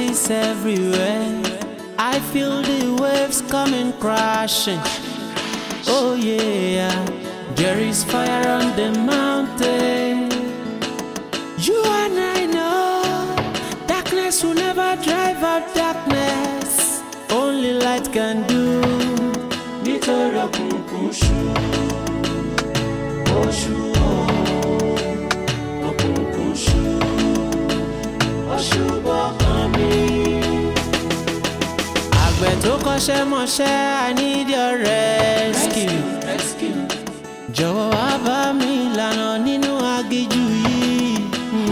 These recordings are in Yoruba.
Is everywhere. I feel the waves coming crashing. Oh yeah, there is fire on the mountain. You and I know darkness will never drive out darkness. Only light can do. Nítorí òkùnkùn ṣú, ó tó kọ́ṣẹ́ mọṣẹ́ I need your rescue. jọ̀wọ́ wá bá mi lànà nínú aginjù yìí. Mm.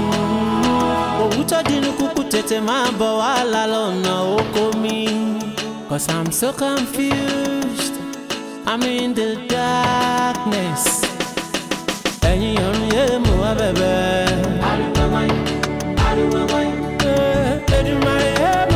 òwú tó dínú kúkú tètè máa bọ̀ wá lálọ́nà oko mi. Cause I'm so confused, I'm in the darkness. ẹ̀yin ọ̀run yé mo wá bẹ̀bẹ̀. àdùnmọ̀ wáyé àdùnmọ̀ wáyé. Eh, Èdùmàrè yé mo.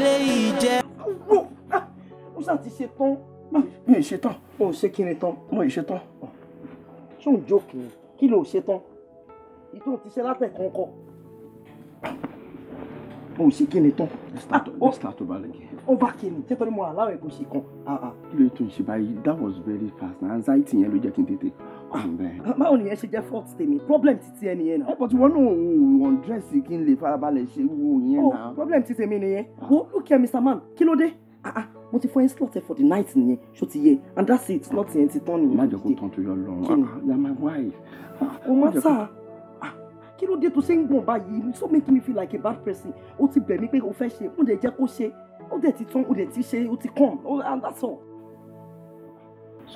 ṣe tán. mi ì ṣe tán. o ò ṣe kí ni mo ì ṣe tán. ṣó ń jókòó ni kí ló ṣe ìtò ti ṣe látẹ̀kọ́ kọ. o ò ṣe kí ni tán. start over again. ó bá kí tẹ́tọ́rí mo àláwẹ̀ kò ṣe kan. Ah, ah. kí ló tún ṣe báyìí that was very fast na anxiety yẹn ló jẹ́ kí n tètè ah, báwo nìyẹn ṣe jẹ́ fault tèmi problem ti ti ẹni yẹn náà. Eh, but wọn náà ò wọn dírẹ́sì kí n lè farabalẹ̀ ṣe wo yẹn oh, náà. problem ti tèmi nìyẹn wo look Mr. Man kí ló dé mo ti fún ẹ slot ẹ for the night nìyẹn ṣó ti yé and that's it not yẹn ti tán nìyẹn. má jẹ́ kó tán torí ọlọ́run na my wife. kò ah, oh, má sá ah, kí ló dé tó ṣe ń gbọ̀n báyìí so make me feel like a bad person ó ti bẹ̀ mí pé o fẹ́ ṣe mo dẹ̀ jẹ́ kó ṣe ó dẹ̀ ti tán ó dẹ̀ ti ṣe ó ti kàn oh, and that's all.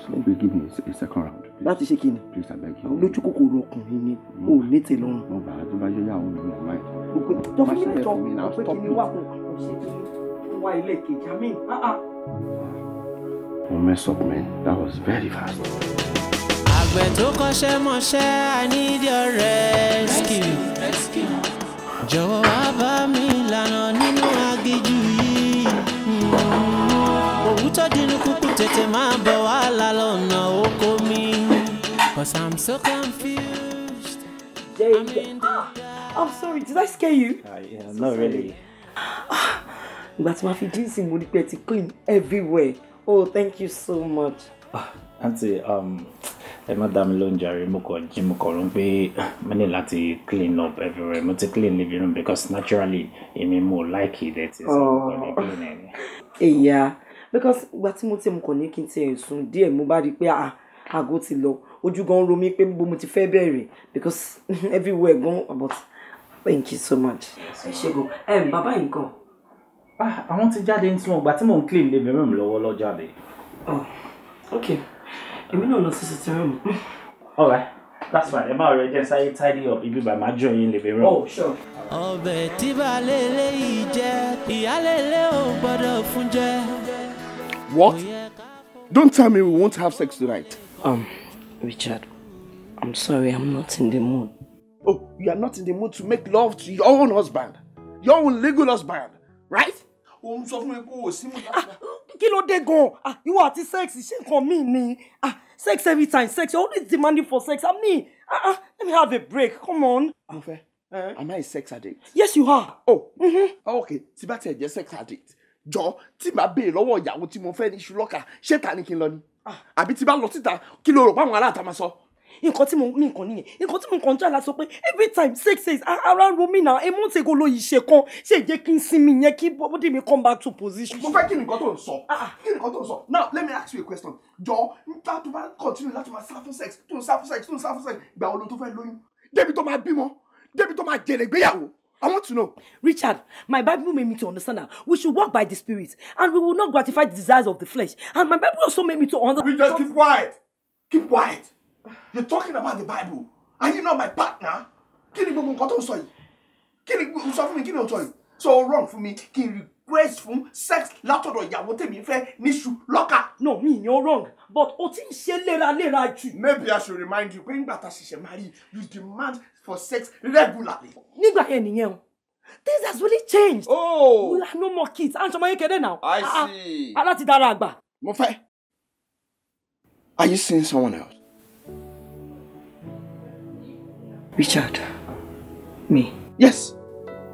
Somebody give me a second round. Láti ṣe kí ni? Please I beg you. Lójú kòkòrò ọkùnrin ni o ò ní tẹ́lọ́rùn. Mo gbà á tó bá yẹ yàwó mi ní ọ̀la ẹ̀. Jọ fún mi lẹ́jọ́ pé kí ni wà kó kò ṣe kí ni wá ilé kejì àmì ah, ah. mo mess up man that was very fast. àgbẹ̀ tó kọ́ṣẹ́ mọṣẹ́ i need your rescue. jọ̀wọ́ wá bá mi lànà nínú aginjù yìí. Mm. òwú dínú kúkú tètè máa bọ̀ wá lálọ́nà oko mi. cause i'm so confused. jẹ́ ìgbà. Ah, I'm sorry, did I scare you? Uh, yeah, so not sorry. really ìgbà tí wọ́n fi jíǹsì mo rí pé ti clean everywhere oh thank you so much. àǹtí ah, um, ẹ má dá mi lóúnjẹ rẹ mo kàn jí mo kàn rún pé ah, mo ní láti clean up everywhere mo ti clean living room because naturally èmi mo like it ẹ ti sọ mo kàn ní clean ẹ ní. èyà because ìgbà tí mo ti mo kàn ní kí n ti ẹ̀ sùn díẹ̀ mo bá rí i pé ah aago ti lọ ojú gan ro mi pé gbogbo mo ti fẹ́ bẹ̀rẹ̀ because everywhere gan but thank you so much. ẹ ṣe gan ẹ bàbá yìí gan ah àwọn ti jáde ní tiwọn ìgbà tí mò ń clean living room lọ́wọ́ lọ jáde. Oh, ok èmi náà lọ sí sitting room. alright that's fine ẹ máa rẹ jẹ́ sáyé tidy up ibi bàá máa jọ yín living room. oh sure. ọbẹ̀ tí baálé ilé yìí jẹ ò gbọ́dọ̀ fún jẹ. what don't tell me we won't have sex tonight. um Richard i'm sorry i'm not in the mood. oh you are not in the mood to make love to your own husband your own legal husband right? o ń sọ fún mi kó o sí mu. Ah, kí ló dé gan-an ah, ìwọ àti sex ṣé nǹkan míì ni ah, sex every time sex you always demanding for sex i mean uh, uh, let me have a break come on. àfẹ eh? am I a sex addict. yes you are. oh mm-hmm. ok tí bá tiẹ̀ jẹ́ sex addict jọ tí màá béèrè lọ́wọ́ ìyàwó tí mo fẹ́ ní ṣùlọ́kà ṣé ta ni kí n lọ ni àbí tí bá lọ síta kí ló rò pé àwọn nǹkan tí mo mi nǹkan nìyẹn nǹkan tí mo kàn ń jà láti sọ pé every time sex sex ara ro mi náà a month ago ló yìí ṣe kan ṣe jẹ́ kí n sinmi yẹn kí body mi come back to position. mo fẹ́ kí nǹkan tó ń sọ ah, ah. kí nǹkan tó ń sọ now let me ask you a question jọ nígbà tó bá continue láti máa sáfún sex tó ń sáfún sex tó ń sáfún sex gbà wo ló tó fẹ́ lóyún débi tó máa bímọ débi tó máa jèrè gbéyàwó. I want to know. Richard, my Bible made me to understand that we should walk by the Spirit and we will not gratify the desires of the flesh. And my Bible also made me to understand. We just keep quiet. Keep quiet. You're talking about the Bible. Are you not my partner? Kí ni gbogbo nǹkan tó ń sọ yìí? Kí ni sọ fún mi kí ni o sọ yìí? So wrong run fún mi kí n request fún sex látọ̀dọ̀ ìyàwó tèmi fẹ́ níṣu lọ́kà. No mi ni o wrong but o ti ń ṣe léraléra jù. Maybe I should remind you pé nígbà tá a ṣẹ̀ṣẹ̀ máa rí you demand for sex regularly. Nígbà yẹn nìyẹn o. Things has really changed. Oh. We are no more kids. À ń sọmọ yékeré now. I ah, ah, see. Aláti dára àgbà. Mo fẹ́. Are you seeing someone else? Richard. Me. Yes.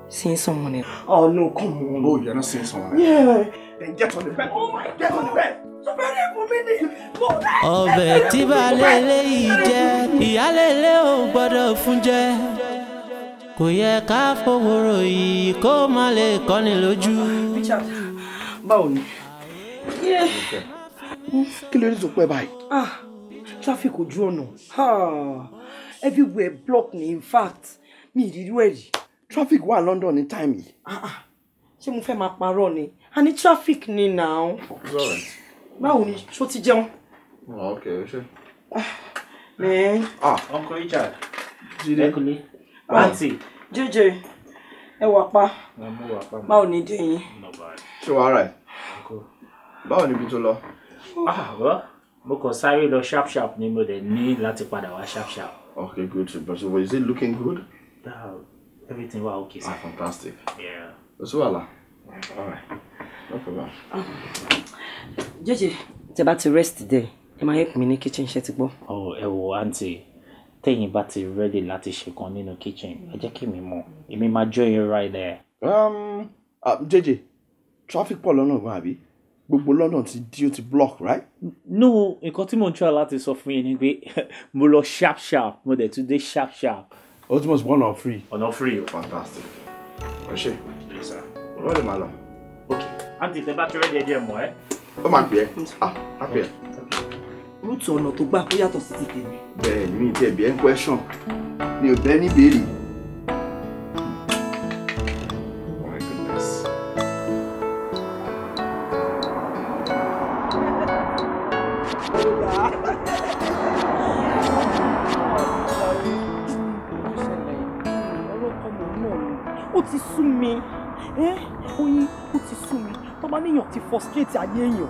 Seeing someone else. Oh no, come on. No, oh, you're not seeing someone else. Yeah. Then get on the bed. Oh my, get on the bed. ọbẹ̀ tí balẹ̀ léyìí jẹ́ ìyálélé ò gbọ́dọ̀ fún jẹ kò yẹ ká fòwòrò yìí kó má lè kọ́ni lójú. Richard báwo ni. kí ló dé tó pẹ́ báyìí. Ah, traffic ojú ọ̀nà everywhere block ni in fact mi ìrírú ẹ̀ rí. traffic wà London ní time ah, ah ṣé mo fẹ́ máa parọ́ ni a ní traffic ni now. báwo ni ṣó ti jẹun. Oh, ok o ṣe. mẹ́ẹ́. uncle richard jíde kúlé àǹtí. jẹjẹ ẹ wà pa báwo ni dé yín. ṣé wàá rà ẹ báwo ni ibi Ah lọ. mo kàn sáré lọ sharp sharp ni mo dẹ̀ ní láti padà wá sharp sharp. Okay, good. So, but so is it looking good? Uh, everything well, okay, ah, sir. Ah, fantastic. Yeah. So, Allah. All right. No problem. Ah. Jẹ́jẹ́, tẹ́ about to rest today. Ẹ máa help mi ní kitchen ṣé Oh, gbọ́. Oh, auntie, wo aunty. Tẹ́yin to ready latte láti ṣe in the kitchen. I just kí mi more. You máa my joy right there. Um, uh, ah, JJ, traffic pọ̀ lọ́nà gan àbí? gbogbo lọ́nà ti di ó ti block right. no nǹkan tí mò ń try láti sọ fún yín ni pé mo lọ sharp sharp mo dẹ̀ tún dé sharp sharp. ó túmọ̀ sí ọ̀nà free. ọ̀nà free o. Oh, fantastic ẹ ṣe sir ọ̀rọ̀ lè máa lọ ok. àǹtí tẹ bá kẹrẹ díẹ̀ díẹ̀ mọ ẹ. ó máa pè é ah á pè é. rúùtù ọ̀nà tó gbà kó yàtọ̀ sí ti tèmi. bẹ́ẹ̀ ni mi ti bí ẹ ń question mi ò bẹ́ẹ̀ ní béèrè. ayé èèyàn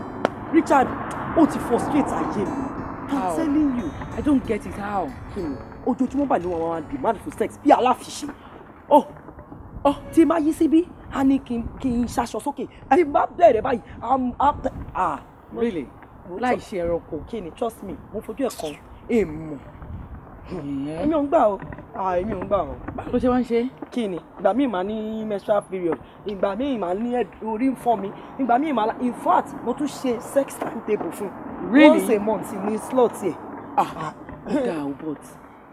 Richard ó ti frustrate ayé mi i'm telling you i don't get it how. ojoojúmọ́ báyìí wọn máa demand for sex bí aláfiṣe ọ oh, oh, tí máa yí síbí a ní kí n kí n ṣaṣọ sókè àti bá bẹ̀rẹ̀ báyìí i'm up ah really láì ṣe ẹranko kí ni trust me mo fojú ẹ̀ kan èèmọ̀ èmi ò ń gbà o ah èmi ò ń gbà o. báwo ṣe wá ń ṣe. kí ni ìgbà míì máa ní menstrual period ìgbà míì máa ní orí ń fọ́ mi ìgbà míì máa in fact mo tún ṣe sex timetable fún. really once a month ní slot yẹ. ah ọ̀gá ah, o but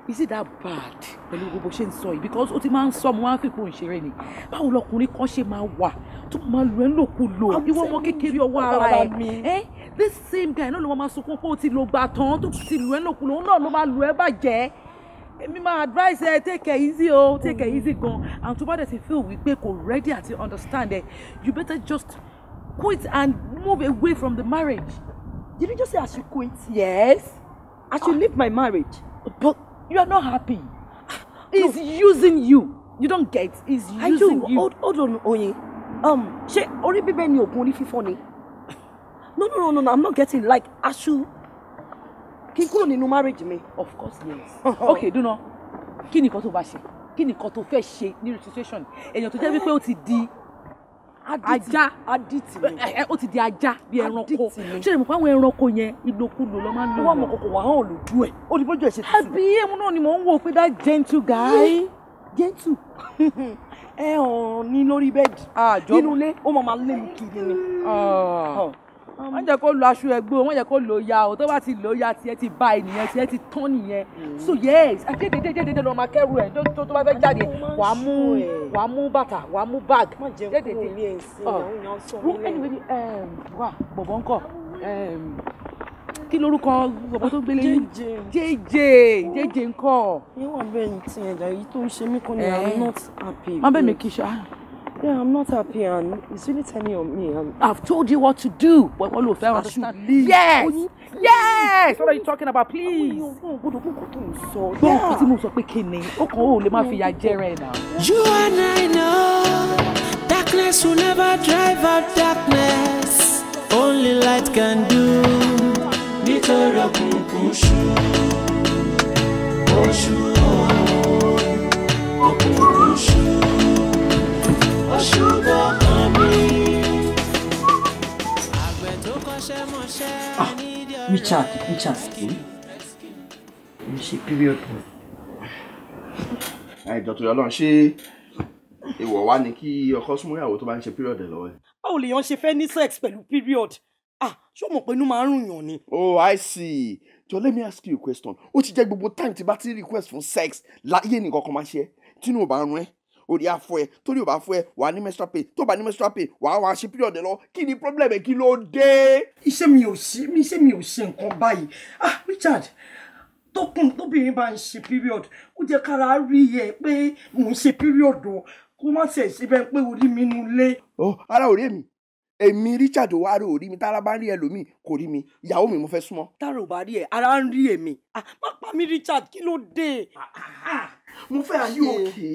is it that bad pẹ̀lú gbogbo ṣe ń sọ yìí because ó ti máa ń sọ mo máa ń fìpò ìṣeré ni báwo lọkùnrin kan ṣe máa wà tó máa lù ẹ́ lòkulò ìwọ ọmọ kékeré ọwọ́ ara ẹ̀ this same guy náà ló máa sunkún pé ti lò tán tó ti lù ẹ́ lòkulò òun náà ló máa lù ẹ́ bàjẹ́ èmi máa advice ẹ take care, easy o take care, easy gan and to bá dẹ̀ ti feel wípé kò ready àti understand Eh? you better just quit and move away from the marriage. Did you just say I should quit? Yes. I should ah. leave my marriage. But you are not happy. He's no. using you. You don't get. He's using you. I do. Hold, hold on, Oyin. Um, ṣé orí bíbẹ́ ni oògùn orí fífọ́ ni? No, no, no, no, no, I'm not getting. Like, I kí n kúrò nínú marriage mi. of course yes. ok dúnà kí nìkan tó bá ṣe kí nìkan tó fẹ́ ṣe ní situation èèyàn tó jẹ́ wípé ó ti di ajá adití ni eh, eh, ó ti di ajá bí ẹranko ṣé mo pa àwọn ẹranko yẹn ìlòkulò lọ máa ń lò wọn mọ kòkò wà hàn lójú ẹ ó ẹ ṣe tuntun. ẹbí ẹmu náà ni mò ń wò pé that gentle guy gentle ẹ hàn ní lórí bẹ́ẹ̀dì ah, nínú ilé ó máa máa lé mi kiri ni. Ah. Oh wọ́n jẹ́ kó lo aṣọ ẹ̀gbọ́n wọ́n jẹ́ kó lo ya o tó bá ti lo ya tiẹ̀ ti ba ènìyàn tiẹ̀ ti tán nìyẹn mm. so yes dédédédédé lọ́ọ́ máa kẹ́rù ẹ̀ tó tó bá fẹ́ jáde wà á mú wà á mú bàtà wà á mú bag dédédé oh. wà um, bọ̀bọ̀ ńkọ́ um, kí lorúkọ bọ̀bọ̀ tó gbélé yín jẹjẹ jẹjẹ ńkọ́. níwọ̀n bẹ́ẹ̀ ni tiẹ̀ dà èyí tó ń ṣe mí kọ́ ni eh. i'm not happy. má bẹ́ẹ̀ mi kì í ṣe ah Yeah, I'm not happy and it's really turning on me. And um. I've told you what to do. But all of I should leave. Yes! yes! What are you talking about, please? You and I know darkness will never drive out darkness. Only light can do. Nítorí òkùnkùn ṣú, ó ṣú Richard, ah, Richard, mo ṣe period pọ̀. Ẹ jọ̀ọ́ torí Ọlọ́run ṣé èèwọ̀ wá ni kí ọkọ súnmọ́ ìyàwó tó bá ń ṣe period lọ́wọ́ ẹ̀. Báwo lèèyàn ṣe fẹ́ ní sex pẹ̀lú period? Ah, ṣé o mọ̀ pé inú máa ń rùn yàn ni? Oh, I see. Jọ let me ask you a question. Ó ti jẹ́ gbogbo time tí bá ti request for sex láyé nìkan kan máa ṣe é. Tínú ò bá ń rún ẹ́ orí afọ ẹ torí ò bá fọ ẹ wà á ní menstrual pain tó bá ní menstrual pain wà á wà á ṣe period lọ kí ni problem ẹ kí ló dé. iṣẹ́ mi ò ṣe mi iṣẹ́ mi ò ṣe nǹkan báyìí ah Richard tókùn tóbìnrin bá ń ṣe period ó jẹ́ kára rí ẹ pé mò ń ṣe period o kó má ṣe ṣe bẹ́ẹ̀ pé orí mi nu lé. ọ ara ò mi èmi Richard wa rò rí mi tára bá rí ẹlòmíì kò rí mi ìyàwó mi mo fẹ́ súnmọ́. tára ò bá rí ẹ ara ń rí èmi ah, má pa mí Richard kí ló dé. Ah, ah, mo fẹ́ ayé òkè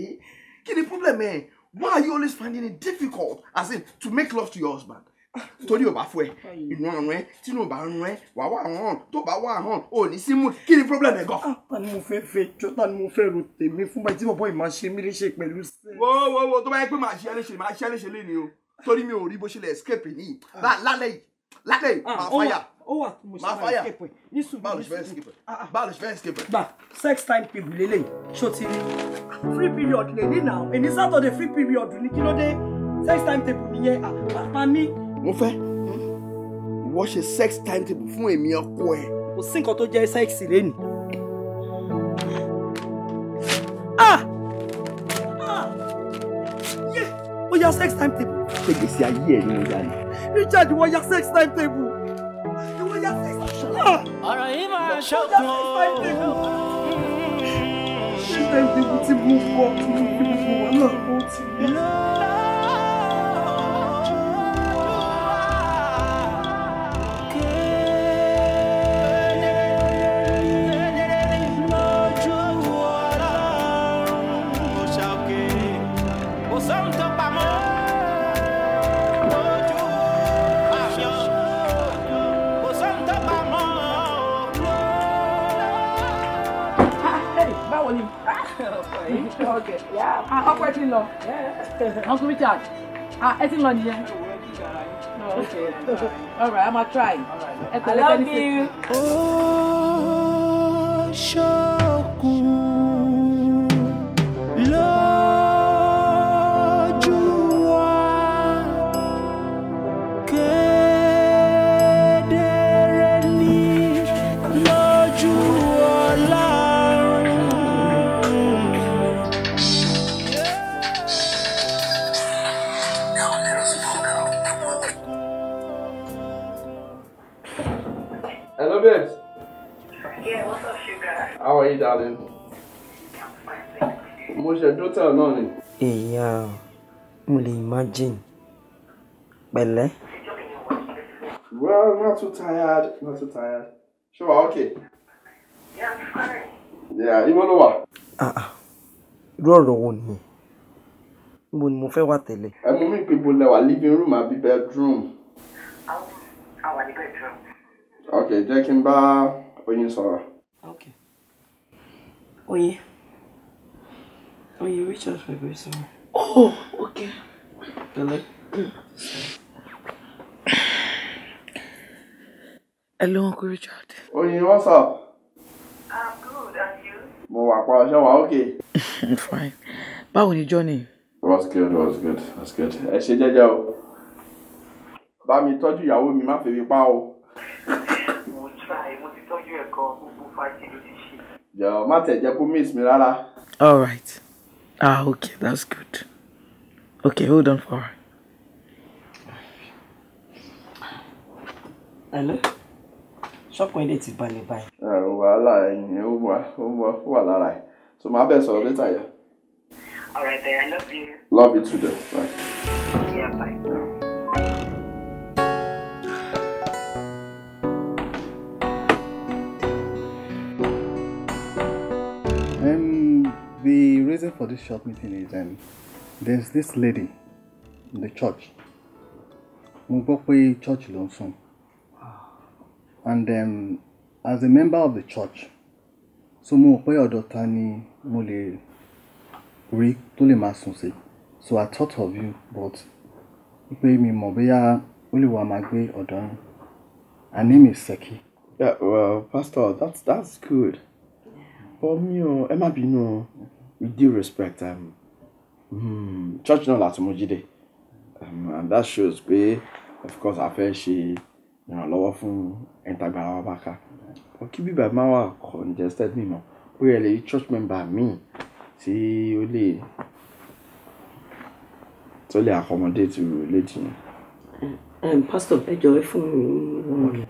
kí ni problem eh? why are you always finding it difficult as in to make love to your husband torí o bá fọ ẹ inú ọrùn ẹ tínú bá rún ẹ wàá wà hàn tó bá wà hàn ò ní sí mood kí ni problem ẹ gan. Ah, ta ni mo fẹ́ fẹ́ jọ ta ni mo fẹ́ ro tèmi fún báyìí tí bọ̀bọ̀ yìí máa ṣe mí léṣe pẹ̀lú sẹ́ẹ̀. wo wo wo tó bá yẹ pé màá ṣe ẹlẹ́ṣẹ̀ màá ṣe ẹlẹ́ṣẹ̀ lé ni o torí mi ò rí bó ṣe lè escape nìyí La yìí ah. la, yìí màá ah, oh. fire ó wà tó mo ṣe máa escape ẹ very skipper. báwo ló ṣe fẹ́ ah, ah. sex time period lele. ṣó ti rí free period lè ní now of the free period you know the sex time table nìyẹn àpá ah, mi. mo fẹ́ ìwọ ṣe sex time table for? fún èmi ọkọ ẹ. kò sí nǹkan tó Ah ah. Yeah, ó yá sex time table. ṣé gbèsè ayé ẹ ni mo dá ni. Richard wọ́n yá sex time table ṣọ̀kan o. ṣùgbọ́n ìdìbò tí mo wọ kí mo fi gbogbo wọn náà kó tì í. Okay. Yeah. Ah, ọkọ ẹ ti lọ. Uncle Richard, ah, ẹ ti lọ No. Okay. All right, I'm gonna try. All right. I love you. Oh, sure. dótà náà ni. ìyá mo lè imagine pẹ̀lẹ́. well not too tired not too tired ṣé wàá okay. yeah fine. yeah ibo ló wà. irú ọ̀rọ̀ wo nìyẹn níbo ni mo fẹ́ wà tẹ́lẹ̀. ẹ mú mi pé mo wà living room àbí bedroom. àwa ní bedroom. ok jẹ́ kí n bá Oyin sọ̀rọ̀. ok Oyin. Okay. When oh, you reach out for a Oh, okay. Hello. Mm. Hello, Uncle Richard. Oh, you what's up? I'm good, and you? Mo wà pa ṣé wà okay. Fine. Báwo ni journey? was good, was good, it was good. Ẹ ṣe jẹ́jẹ́ o. Bá mi tọ́jú ìyàwó mi má fi mi pa o. Mo try, mo ti tọ́jú ẹ̀kọ́ gbogbo fàájì ló ti ṣe. Jọ̀ọ́ má tẹ̀ jẹ́ kó miss mi rárá. All right. Ah, okay, that's good. Okay, hold on for Hello? Ṣọ́pọ̀ ilé ti balẹ̀ báyìí. Ẹ̀rù wàhálà ẹ̀yìn ó wà ó wà ó wà lára ẹ̀. So my best, sọ̀rọ̀ later All right, then I love you. Love you too, though. Bye. Yeah, bye. Yeah. reason for this short meeting is um, there's this lady in the church mo church ló and um, as a member of the church so mo pé mule ta ni mo so I thought of you but pé mi mọ̀ bóyá ó lè wá máa her name is Seki. Yeah, well, pastor that's that's good. bọ́ me, ò ẹ má bínú o with due respect um, mm, church no, láti mú jíde um, and that shows pé of course a fẹ́ ṣe ìrànlọ́wọ́ fún ẹ̀ńtàgbára wa bá ká kí bíbá máa wà congested mímọ́ bóyá lè church member míì tí ó lè tó lè accommodate relate yẹn. Um, pastor ẹ jọ̀wọ́ fún mi.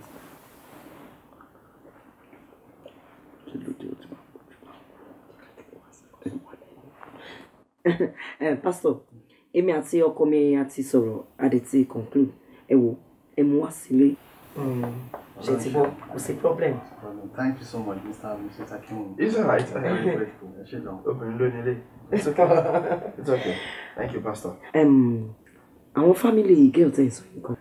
Eh, pastor èmi àti ọkọ mi àti sọ̀rọ̀ àdè ti conclude ẹ wo ẹ mú wá sílé hmm, ṣe ti bọ́ kò sí problem. Um, thank you so much mr and mrs akinwumi. it's alright i am very grateful ẹ ṣe jọ̀ọ́. obìnrin ló nílé it's okay it's okay thank you pastor. Um, àwọn family girl tẹ̀ sọ nǹkan.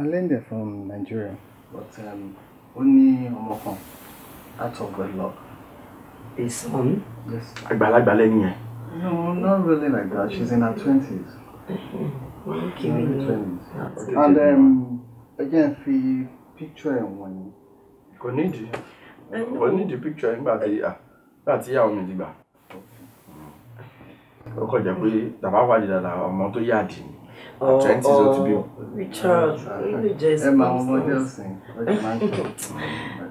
alende from nigeria but um, ó ní ọmọ kan out of wedlock. a son. yes. àgbàlagbà lẹ́yìn yẹn. No, not really like that. She's in her twenties. s Okay. Early 20 And um, again, fi picture ẹ̀ wọ̀n ni. Kò nídìí. Kò nídìí picture nígbà tí nígbà tí ìyàwó mi ti gbà. Ó kọ̀ jẹ́ pé tàbá Oh, dídára ọmọ tó yáàdì ni. Twenties ó ti bí o. Richard, ilé jẹ́ ìsìnkú. Ẹ máa wọn ọmọdé ọ̀sìn.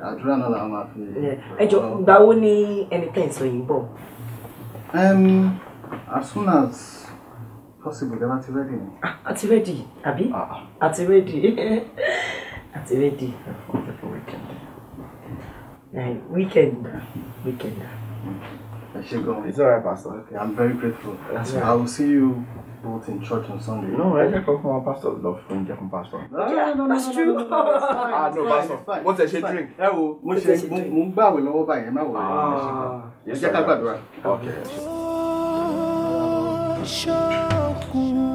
Àdúrà náà làwọn máa fi. Ẹ jọ, gbàwo ni ẹnìkan ìsọyìn bọ̀? Um, as soon as possible, then àti ready. Àti ah, ready, àbí? Àti ah. ready. Àti ready. Weekend. Yeah, weekend. Weekend. I should go. It's alright, Pastor. Okay, I'm very grateful. That's right. I will see you both in church on Sunday. No, I just come from pastor love from Jeff Pastor. No, yeah, no, no, that's no, true. No, no, no, ah, no, Pastor. What does she drink? Ẹ wo, mo ṣe mo ń gbàwé lọ́wọ́ báyìí, ẹ má wọ̀ ọ́ ẹ jẹ́ ká gbàdúrà. ṣọ́kùn.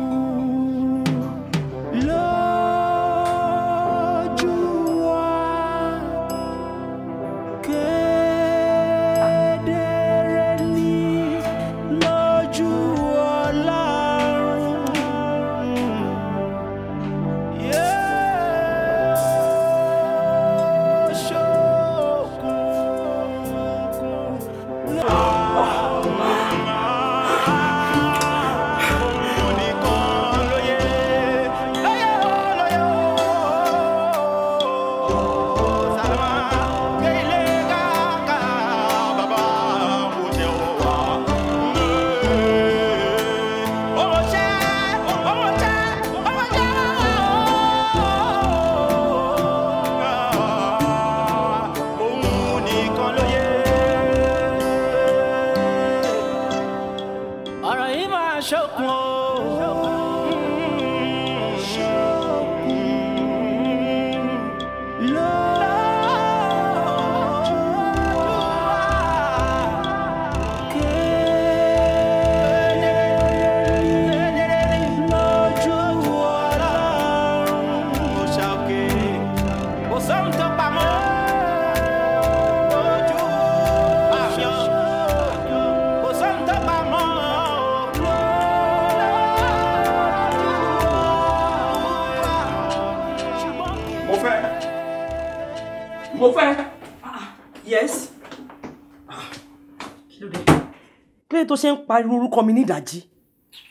lè tó ṣe ń pariwo orúkọ mi nídàájí.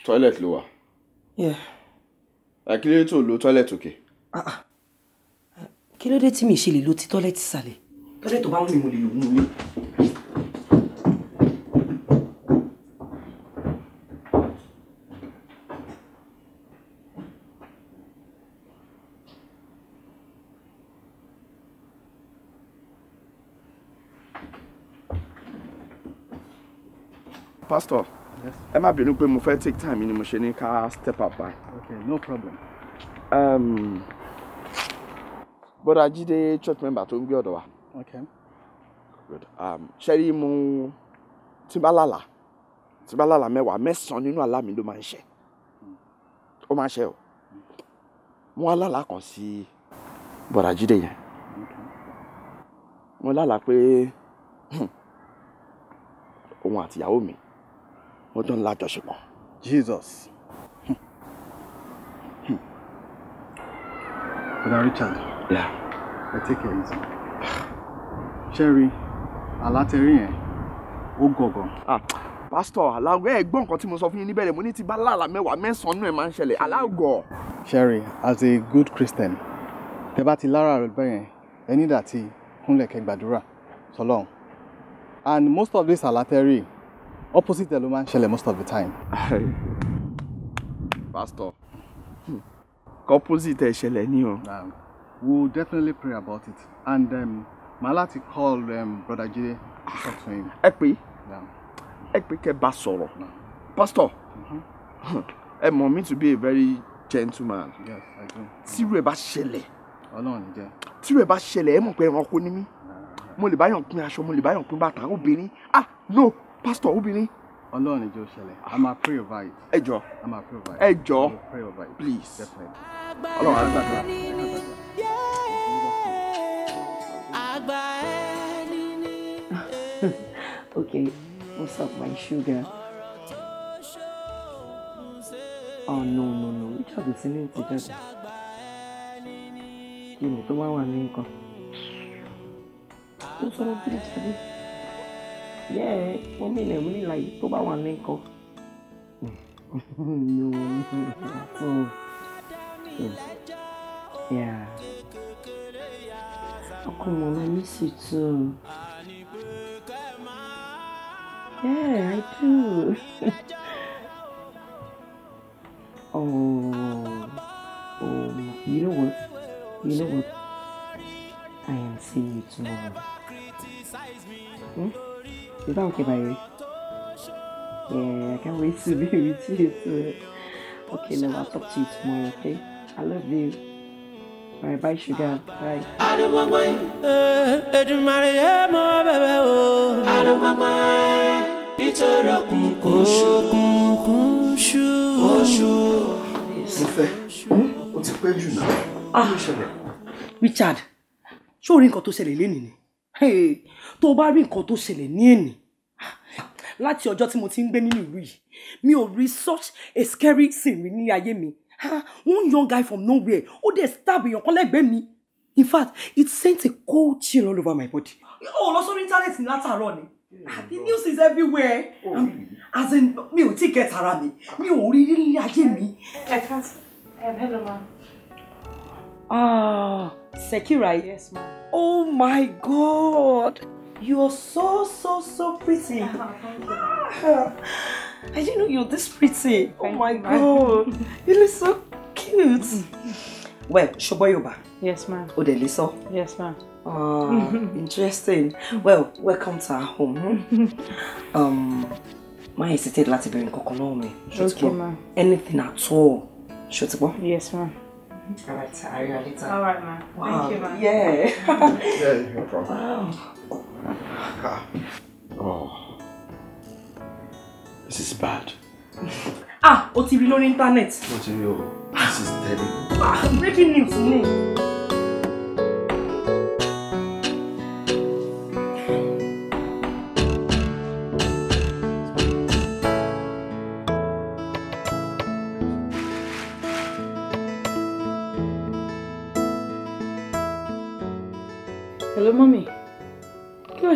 toilet ló wà. kí ló dé tó lo toilet òkè. Ah, ah. kí ló dé tí mi ṣe lè lo ti toilet sàlẹ̀. toilet tó bá wù mí mo lè lò ó nílé. pastor yes. Emma, bínú pé mo fẹ́ take time ni mo ṣe ní ká step up by. okay no problem. Um, but bọ́dà jíde church member to ń gbé wa. okay. good um, ṣẹ́rí mo tí bá lálà tí bá lálà mẹ́wàá mẹ́sàn-án nínú àlá mi ló máa ń O ó máa o mo wá lálà kàn sí bọ́dà jíde yẹn mo lálà pé hmm, òun àtìyàwó mi wọ́n tó ń lájọṣepọ̀. Jesus. Brother Richard. Yeah. Ẹ take it easy. Sherry, mo sọ fún yín níbẹ̀rẹ̀ mo ní ti bá láàlà mẹ́wàá mẹ́sàn-án ẹ̀ máa ń ṣẹlẹ̀ aláàgọ̀. Sherry, as a good Christian, tẹ bá ti lára rẹ bẹ́yẹn ẹ nídàá ti kúnlẹ̀ kẹ́ And most of this alatẹ́rì opposite the ló máa most of the time. pastor hmm. opposite ẹ̀ ṣẹlẹ̀ ni o. we definitely pray about it and um, màá called um, brother Jide to talk to him. ẹ pé ẹ pé kẹ́ bá sọ̀rọ̀ pastor mm-hmm. ẹ mọ̀ to be a very gentleman. yes i do. tírú ẹ bá ṣẹlẹ̀. Ọlọ́run ní jẹ. tírú ẹ bá ṣẹlẹ̀ ẹ mọ̀ pé ẹranko ni mí mo lè bá yàn pín aṣọ mo lè bá yàn pín bàtà obìnrin ah no Pastor, obìnrin. ọlọ́run ni jọ ṣẹlẹ̀ a máa pray over it. ẹ jọ a máa pray over it. ẹ jọ please ọlọ́run á gbàgbà. okay what's up my sugar. Oh no no no, which of the singing together? Kí ni tó wá wà ní nǹkan? Ó sọ̀rọ̀ bí yeah mọ́mí ilẹ̀ mi nílà yìí tó bá wà ní nǹkan. ọkọ mọ̀ mi ní sì tún. Yeah, I do. oh, oh, you know what? You know what? I am seeing you tomorrow. Hmm? without okay by Yeah, I can't wait to be with you. Okay, love, I'll talk to you tomorrow, okay? I love you. Alright, bye sugar. Bye. I don't want my I don't want my ìtọrọ kun kò ṣùkùn kún ṣù. Oṣù. Mo fẹ́, o ti pẹ́ jù náà. Kí Richard, show o rí nǹkan tó ṣẹlẹ̀ lénìí ni? tó o bá rí nǹkan tó ṣẹlẹ̀ ní èní láti ọjọ́ tí mo ti ń gbé nínú ìlú yìí mi ò rí such a scary scene rí ní ayé mi one young guy from nowhere ó dẹ̀ stab èèyàn kan lẹ́gbẹ̀ẹ́ mi in fact it sent a cold chill all over my body. o lọ sórí íńtánẹ́ẹ̀tì látàárọ̀ ni hmm. the news is everywhere oh, um, as in mi ò tí ì kẹta ara mi mi ò rí nílé ayé mi. ẹ ká bẹ́ẹ̀ lọ Ah, Sekira. Yes, ma'am. Oh my God. You are so, so, so pretty. ah, I didn't know you're this pretty. Oh Thank oh my you, God. you look so cute. well, Shoboyoba. Yes, ma'am. Odeliso. Yes, ma'am. Ah, interesting. Well, welcome to our home. um, má is láti bẹ̀rẹ̀ nǹkan kan náà Okay, ma'am. Anything at all. Yes, ma'am. Go back to Aria later. All right, ma'am. Wow. Thank you, man. Yeah. yeah, no problem. Wow. Oh. This is bad. ah, ó ti rí internet. Ó ti This is terrible. Ah, breaking news, no.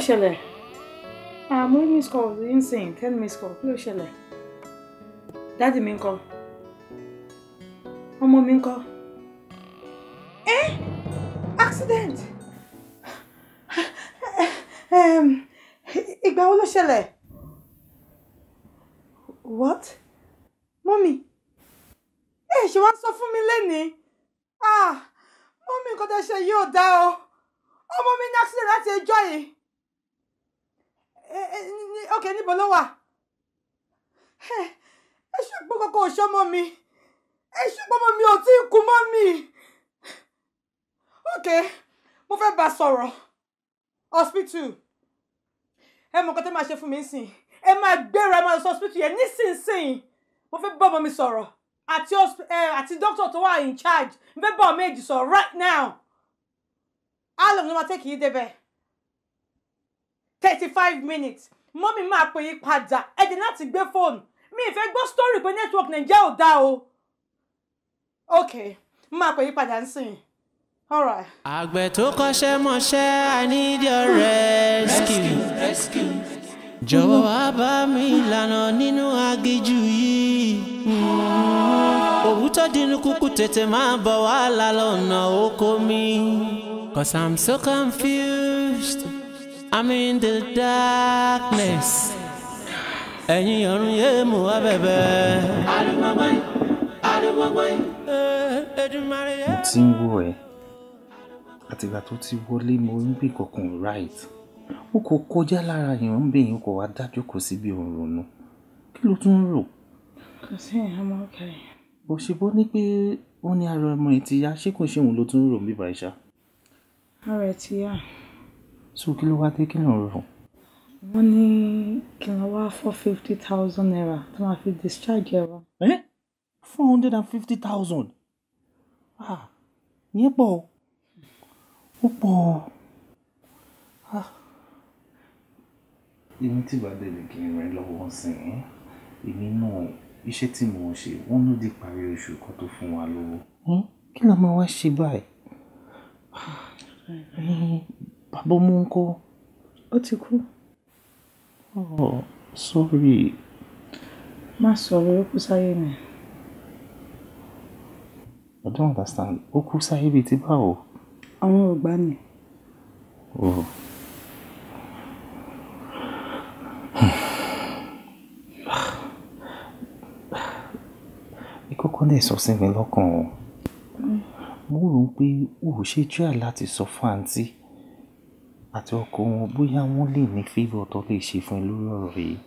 ṣẹlẹ̀? àmú miss call ti sìn ten miss call kí ló ṣẹlẹ̀? dáàdì mi ń kọ́ ọmọ mi ń kọ́. ẹ́ eh? accident ìgbà wo ló ṣẹlẹ̀? what? mọ́mì ẹ ṣe wá ń sọ fún mi lẹ́nìí ah mọ́mì nǹkan tẹ́ ṣe yóò dá o ọmọ mi ní accident láti ẹjọ́ yìí ọkẹ́ eh, eh, níbo ló wà ẹ ṣùgbọ́n kọ́kọ́ ò ṣọmọ mi ẹ ṣùgbọ́n mọ́ mi ò tí ì kú mọ́ mi ọkẹ́ mo fẹ́ bá sọ̀rọ̀ hospital ẹ mọ̀ nǹkan tẹ́ máa ṣe fún mi sìn ẹ máa gbéra ẹ máa lọ sí hospital yẹn nísinsìnyí mo fẹ́ bá ọmọ mi sọ̀rọ̀ àti àti doctor tó wà in charge mo fẹ́ bá ọmọ méjì sọ̀rọ̀ right now how long ló máa tẹ́kì í débẹ̀ thirty five minutes mọ́mí máa pè yí padà ẹ̀jẹ̀ láti gbé fóònù mi ì fẹ́ gbọ́ sítórì pé network nàìjíríà ò dáa o. ok máa pè yí padà ń sìn. àgbẹ̀ tó kọ́ṣẹ́ mọṣẹ́ i need your rescue. rescue. jọ̀wọ́ wá bá mi lànà nínú aginjù yìí. òwú dínú kúkú tètè máa bọ̀ wá lálọ́ ọ̀nà oko mi. cause i'm so confused. I'm in the darkness. ẹ̀yin ọ̀run yéé mú wá bẹ̀bẹ̀. mo ti ń wò ẹ́ àtìgbà tó ti wọlé mo ń bì kankan right o kò kọjá lára èèyàn ń bè yín kò wá dájú kò sí bí òun ronú kí ló tún ń rò. kò sí ìhámọ́ kẹrin. bó ṣe bó ní pé ó ní ara ọmọ ẹ̀ ṣé kò ṣe òun ló tún ń rò bí bàṣà. ara ẹ̀ ti yá so kí ló wá dé kí ló ń rò fún. wọ́n ní kí n wá four fifty thousand naira tó máa fi discharge ẹ wá. ẹ four hundred and fifty thousand ah ìyẹn pọ̀ ó pọ̀ ah. èmi tí bá délé kí n rìn lọ́wọ́ sí i èmi náà iṣẹ́ tí mò ń ṣe wọ́n ló di parí oṣù kan tó fún wa lówó. kí ló máa wá ṣe báyìí. Bàbá ọmọ ńkọ́? Ó ti kú. Oh, sorry. Má sọ̀rọ̀, ó kú sáyé ni. I don't understand. Ó kú sáyé bíi ti báwo? Àwọn ọ̀gbá ni. Oh. Ìkọ́kọ́ náà sọ sí mi lọ́kàn o. Mo rò ó pé o ò ṣe try láti sọ fún àǹtí àti ọkọ wọn bóyá wọ́n lè ní favour tó lè ṣe fún ẹ lórí yìí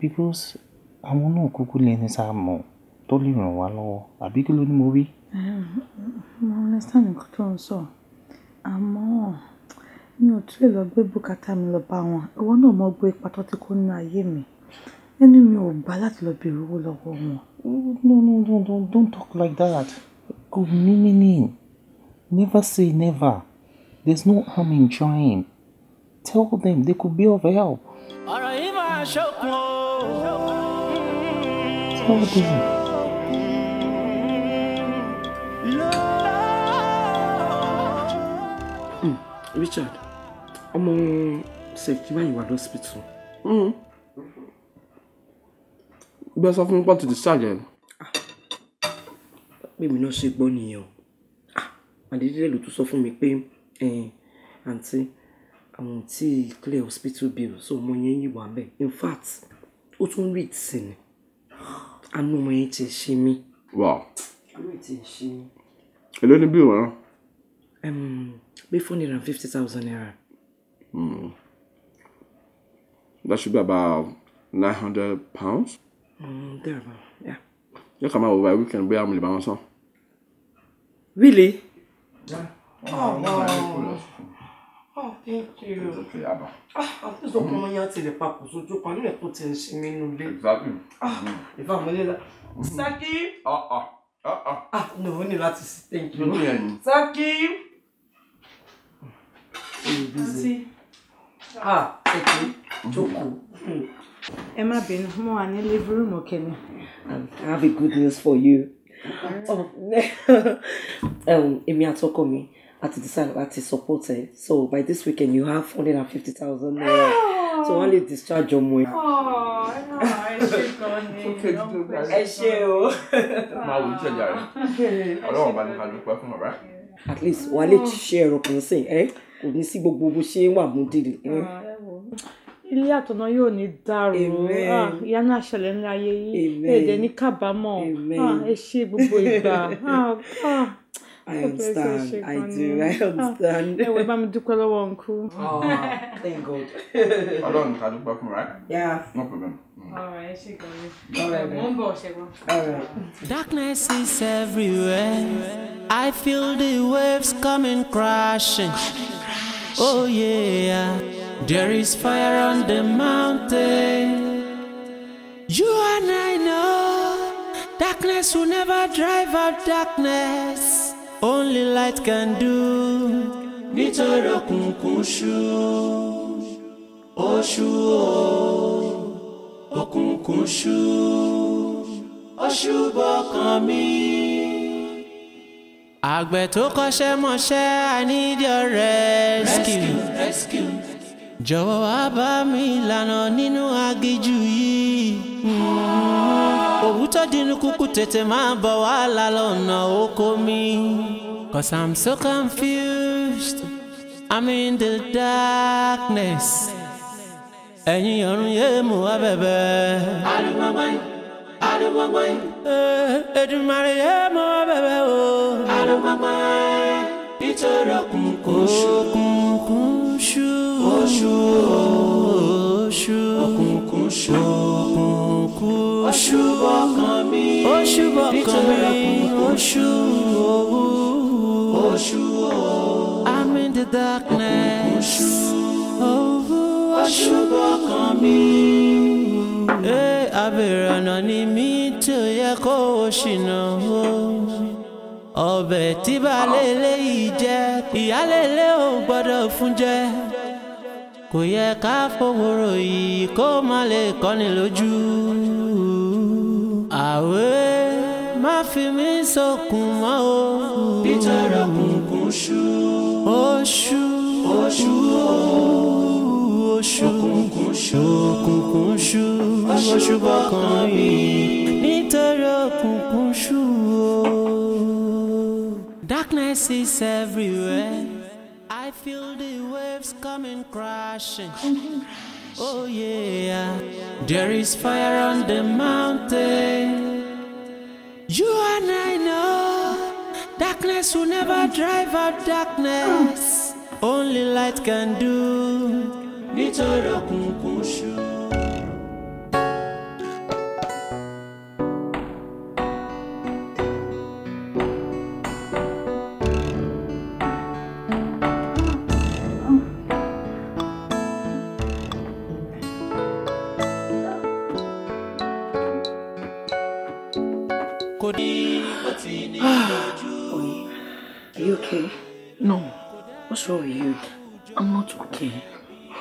because àwọn náà kúkú lẹni tá a mọ̀ tó lè ràn wá lọ́wọ́ àbí kí ló ní mo wí. Ehm, mo understand nǹkan tó ń sọ àmọ́ mi ò tún lè lọ gbé bùkátà mi lọ bá wọn ìwọ náà mọ gbé ipa tó ti kó nínú ayé mi ẹni mi ò bá láti lọ bèrè owó lọ́wọ́ wọn. no no no don't talk like that kò ní meaning never say never. There's no harm in trying. Tell them they could be of help. Tell them. Mm, Richard, you are báyìí wà lọ́sibítù. Bẹ́ẹ̀ sọ fún mi pọ́ọ̀tù discharge ẹ̀. Pé mi náà ṣe gbọ́ nìyẹn o. Ah, àdédé ló tún to suffer mi pain ẹ̀hìn àǹtí àwọn tí clear hospital bill so ọmọ yẹn yìí wà bẹ́ẹ̀ in fact ó tún rí ìtì ni àánú ọmọ yẹn ti ṣe mí. wow. àánú ìtì ṣe mí. èló ni bill wọn. bí four hundred and fifty thousand naira. Hmm. that should be about nine hundred pounds. Mm, there about yeah. yóò kà máa wò wá weekend bóyá mo lè bá wọn sọ. really. Yeah. Oh, wow. Oh, thank you. Ah, at least ọkọ ọmọ yẹn ti lè papọ̀ sójú kan nílẹ̀ tó ti ń ṣe mí nínú Exactly. Ah, ìfà mọ́ nílá. Saki. Ah, ah. Ah, ah. no, ó ní láti sí thank you. Saki. Àǹtí. Ah, ẹ̀kí. Jókòó. Ẹ Emma bínú, mo wà ní living room kẹ́mi. I have a good news for you. Um, um, Èmi àtọkọ mi. me. At láti decide láti support ẹ eh? so by this weekend you have one hundred thousand naira so ah. only discharge your money. Ah, ah, ẹ ṣe gan ni ẹ ṣe o. máa wù ú jẹjà rẹ Ọlọ́run bá ní ká dúpẹ́ fún bàbá. at least wàá lè ṣe ẹ̀rọ kan sí ẹ kò ní sí gbogbo bó ṣe ń wà mú dìde ilé àtọ̀nà yóò ní dàrú ìyanu àṣẹlẹ̀ ńlá ayé yìí èdè I understand. I do. I ah, understand. Ẹ wẹ̀ are bá mi dúpẹ́ lọ́wọ́ Oh, Thank God. Ọlọ́run ká dúpẹ́ fún right? Yeah. No problem. Ọ̀rọ̀ ẹ ṣe gan-an. Mo ń bọ̀ ṣẹ́gun. Darkness is everywhere. I feel the waves coming crashing. Oh yeah. There is fire on the mountain. You and I know darkness will never drive out darkness. only light can do. nítorí òkùnkùn ṣú oṣù o òkùnkùn ṣú oṣù bọ̀kan mi. àgbẹ̀ tó kọ́ṣẹ́ mọṣẹ́ I need your rescue. rescue, rescue. jọ̀wọ́ wá bá mi lànà nínú aginjù yìí. Mm -hmm òwú tó dínú tètè máa bọ̀ wàhálà lọ́nà oko mi. Cause I'm so confused, I'm in the darkness. Ẹ̀yin ọ̀run yéé mú wá bẹ̀bẹ̀. Àdùnmọ̀mọ́yìn, àdùnmọ̀mọ́yìn. Eh, Èdùmàrè yéé mú wá bẹ̀bẹ̀ o. Àdùnmọ̀mọ́yìn, nítorí òkùnkùn ṣú. Òkùnkùn ṣú. Oṣù oṣù. Òkùnkùn ṣú. Òkùnkùn ṣubọ̀ kan mi ó ṣubọ̀ kan mi oṣù owó oṣù owó I'm in the darkness oṣù owó oṣù kan mi. Ee eh, abèrè ọ̀nà ni mí tí ó yẹ kó o ṣìnà o. Ọbẹ̀ tí balẹ̀ eléyìí jẹ́ ìyálélé ò gbọ́dọ̀ fún jẹ kò yẹ ká fòwòrò yìí kó má lè kọ́ni lójú àwẹ̀ má fi mí sọkùn mọ́ o. bítara kùnkùn ṣú. oṣù oṣù oṣù òkùnkùn ṣú oṣù bọ́kàn mi nítorí òkùnkùn ṣú o. Darkness is everywhere. I feel the waves coming crashing. Oh yeah, there is fire on the mountain. You and I know darkness will never drive out darkness. Only light can do. okay? No. What's wrong with you? I'm not okay.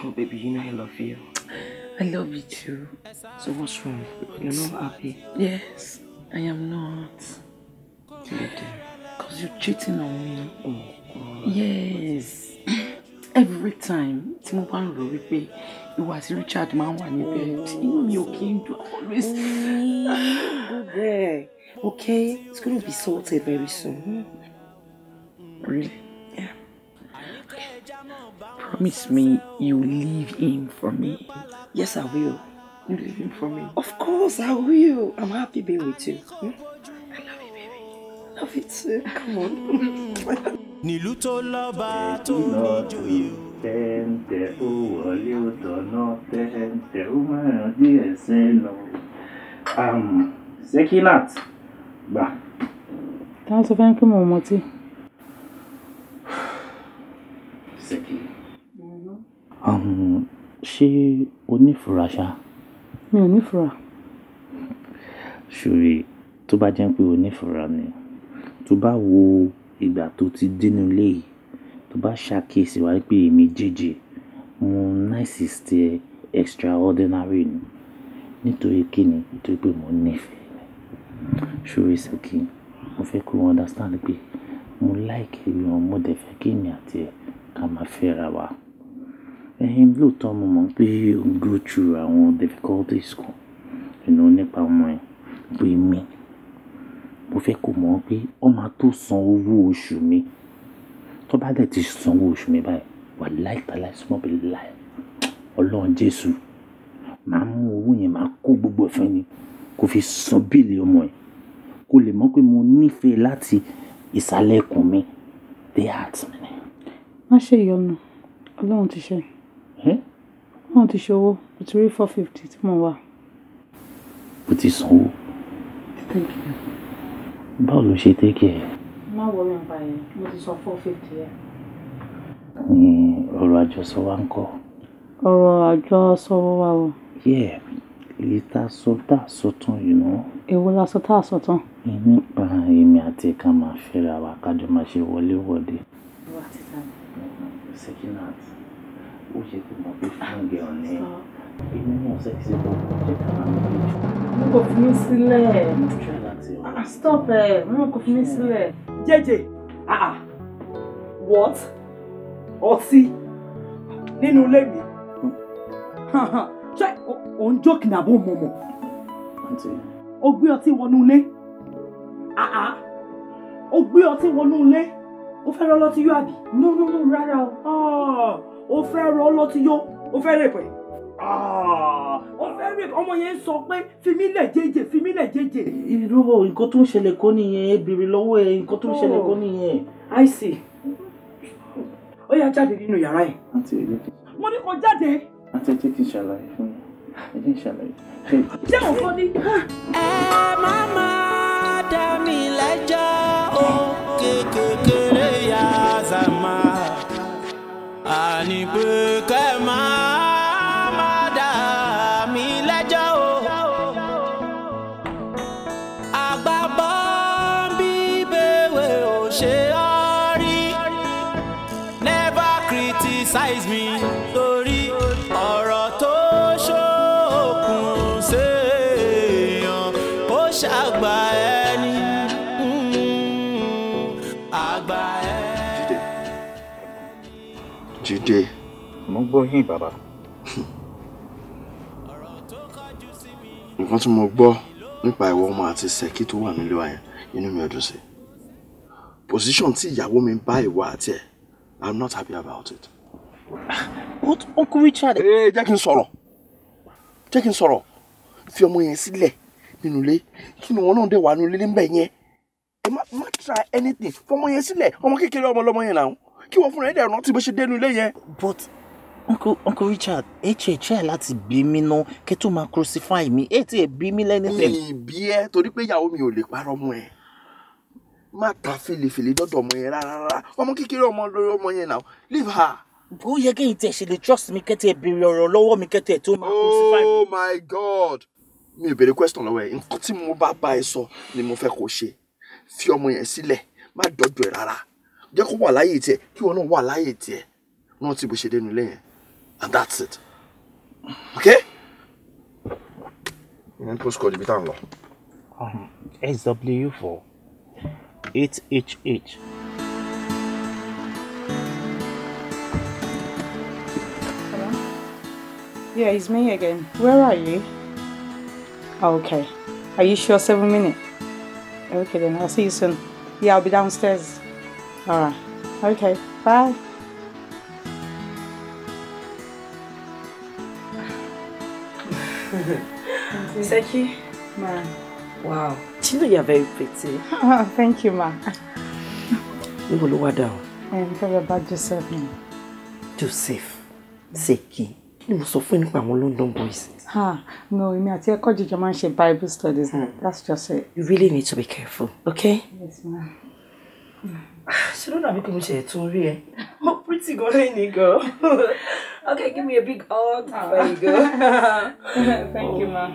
Oh, baby, you know I love you. I love you too. So what's wrong? You're not happy? Yes, I am not. Because you're cheating on me. Oh, God. Yes. Every time, tí mo bá ń rò Richard máa You know me, okay? You always. Go there. Okay, it's going to be sorted very soon. Really? Yeah. Promise me you leave him for me. Yes, I will. You leave him for me. Of course, I will. I'm happy being with you. Hmm? I love you, baby. Love you Come on. Nílùú tó lọ́ba tó níjòyè. Tẹ́ǹtẹ̀ ó wọlé ó tọ̀nà tẹ́ǹtẹ̀ ó márùn-ún díẹ̀ sẹ́nu. Um, Sekinat ba. Táwọn sọ fẹ́ Àhùn, um, ṣé o ní ìfura ṣá? Mi ò ní ìfura. Ṣòrí, tó bá jẹ́ pé o ní ni, tó bá wo ìgbà tó ti dé inú ilé yìí, tó bá ṣàkíyèsí wá pé èmi jèjì, mo nice sí ẹ extraordinary ni. Nítorí kí ni? Nítorí pé mo nífẹ̀ẹ́ rẹ. Ṣòrí Ṣọ̀kí, mo fẹ́ ko understand pé mo like ẹ mo dẹ̀ fẹ́ kí èmi àti ẹ ká máa fẹ́ra wa. Ẹ̀hìn lóòótọ́ mo mọ̀ pé o ń go through àwọn difficulties kan, you know, nípa ọmọ ẹ. But èmi, mo fẹ́ ko mọ̀ pé ó máa tó san owó oṣù mi. Tó bá dẹ̀ ti san owó oṣù mi báyìí, wàláì táláì sumọ́ biláì. Ọlọ́run Jésù, màá mú owó yẹn, màá kó gbogbo ẹ̀ fún ẹ ni kó fi san bíìlì ọmọ ẹ. Ko lè mọ̀ pé mo nífẹ̀ẹ́ láti ìsàlẹ̀ ikùn mi dé heart mi. Má ṣe yọnu, Ọlọ́run ti ṣe náà ti ṣòwò mo ti rí four fifty tí mo wà. o ti sanwó. thank you. báwo ló ṣe tẹ́kẹ̀ ẹ̀. má wọlé nípa yẹn mo ti san four fifty yẹn. ní ọ̀rọ̀ àjọsọ wa ń kọ́. ọ̀rọ̀ àjọsọ wa o. yeah èyí tá a sọ tá a sọ tán yìí nù. èwo la sọ tá a sọ tán. nípa èmi àti ẹ̀ka máa fẹ́ra wa kájọ máa ṣe wọléwọ̀de. ìwà títà ni. second hand ó ṣe ti mọ̀ pé strong girl ni èmi náà ṣe ti bọ̀ ṣé kára mi lè jù. wọn kò fi mí sílẹ̀. mo ṣe láti ọ̀rọ̀. stop ẹ wọn kò fi mí sílẹ̀. Ha ha. ọtí nínú ilé mi ṣé Auntie. Oh, jókè ní àbọ̀ mọ̀mọ́ o Ah ọtí wọnú ilé o gbé ọtí wọnú ilé o fẹ́ lọ́lọ́tí yóò àbí no no no rárá Oh ó fẹ́ rọ ọlọ́tí yó ó fẹ́ rèpè ah. ó fẹ́ rèpè ọmọ yẹn sọ pé fimilẹ̀ jẹjẹ fimilẹ̀ jẹjẹ. irú nǹkan tó ń ṣẹlẹ̀ kọ́ nìyẹn ẹ bèrè lọ́wọ́ ẹ nǹkan tó ń ṣẹlẹ̀ kọ́ nìyẹn. Oh, I see ó yá jáde nínú yàrá ẹ. àti èdè kì mo ní kó jáde. àti èdè kì í ṣàlàyé fún mi èdè kì í ṣàlàyé. jẹ́ òkò ni. ẹ má máa dá mi lẹ́jọ́ o kékeré yàrá àní pé kẹ́ máa. gbọ́ yín bàbá. nǹkan tí mo gbọ́ nípa ìwọ ọmọ àti ṣèkí tó wà nílé wa yẹn inú mi ò sí position tí ìyàwó mi bá ìwọ àti ẹ i'm not happy about it. but uncle richard. ee jẹ́ kí n sọ̀rọ̀ jẹ́ kí n sọ̀rọ̀ fi ọmọ yẹn sílẹ̀ nínú ilé kí ni wọn náà dé wà nínú ilé níbẹ̀ yẹn ẹ má má try anything fọmọ yẹn sílẹ̀ ọmọ kékeré ọmọ lọmọ yẹn làwọn kí wọ́n fúnra ẹ̀ dẹ̀ rántí bó ṣe dénú ilé yẹn. but uncle uncle richard ẹ tiẹ̀ try láti bí mi ná kẹ́ tó máa crucify mi ẹ tiẹ̀ bí mi lẹ́nìtẹ̀. mi ì bí ẹ torí pé ìyàwó mi ò lè parọ́ mọ́ ẹ má ta fèlèfèlè dọ́dọ̀ ọmọ yẹn rárá ọmọ kékeré ọmọ lórí ọmọ yẹn náà leave her. ó yẹ kẹ́yìn tí ẹ ṣe lè trust mi kẹ́tẹ́ ẹ béèrè ọ̀rọ̀ lọ́wọ́ mi kẹ́tẹ́ ẹ tó ma crucify mi. oh my god mi ò béèrè question lọ́wọ́ ẹ nǹkan tí mo bá bá ẹ sọ ni mo fẹ́ kó ṣe fi ọmọ yẹn sílẹ̀ má dọ́dọ̀ ẹ rárá jẹ́ kó wà láyé tiẹ̀ kí wọn náà wà láyé tiẹ̀ rántí bó ṣe dénú lẹ́yìn And that's it. Okay? Yung postcode bitan lo. SW4 8HH. Hello? Yeah, it's me again. Where are you? Oh, okay. Are you sure seven minutes? Okay then, I'll see you soon. Yeah, I'll be downstairs. Alright. Okay, bye. Seki. Ma. Wow. Do you know you're very pretty? Ah, thank you, ma. Níbo ló wá dà I'm Ẹ ń fẹ́ bá Joseph ni. Joseph Seki ni mo sọ fún nípa àwọn London boys. Ah, no, èmi àti ẹ̀kọ́ jíjọ máa ń ṣe Bible studies. Hmm. That's just it. You really need to be careful, okay? Yes, ma. Ah, ṣé ló dàbí pé mo ṣe ètò orí ẹ? Mo pretty gan lẹ́yìn gan. Okay, give me a big hug. Oh. There you go. Thank you, ma.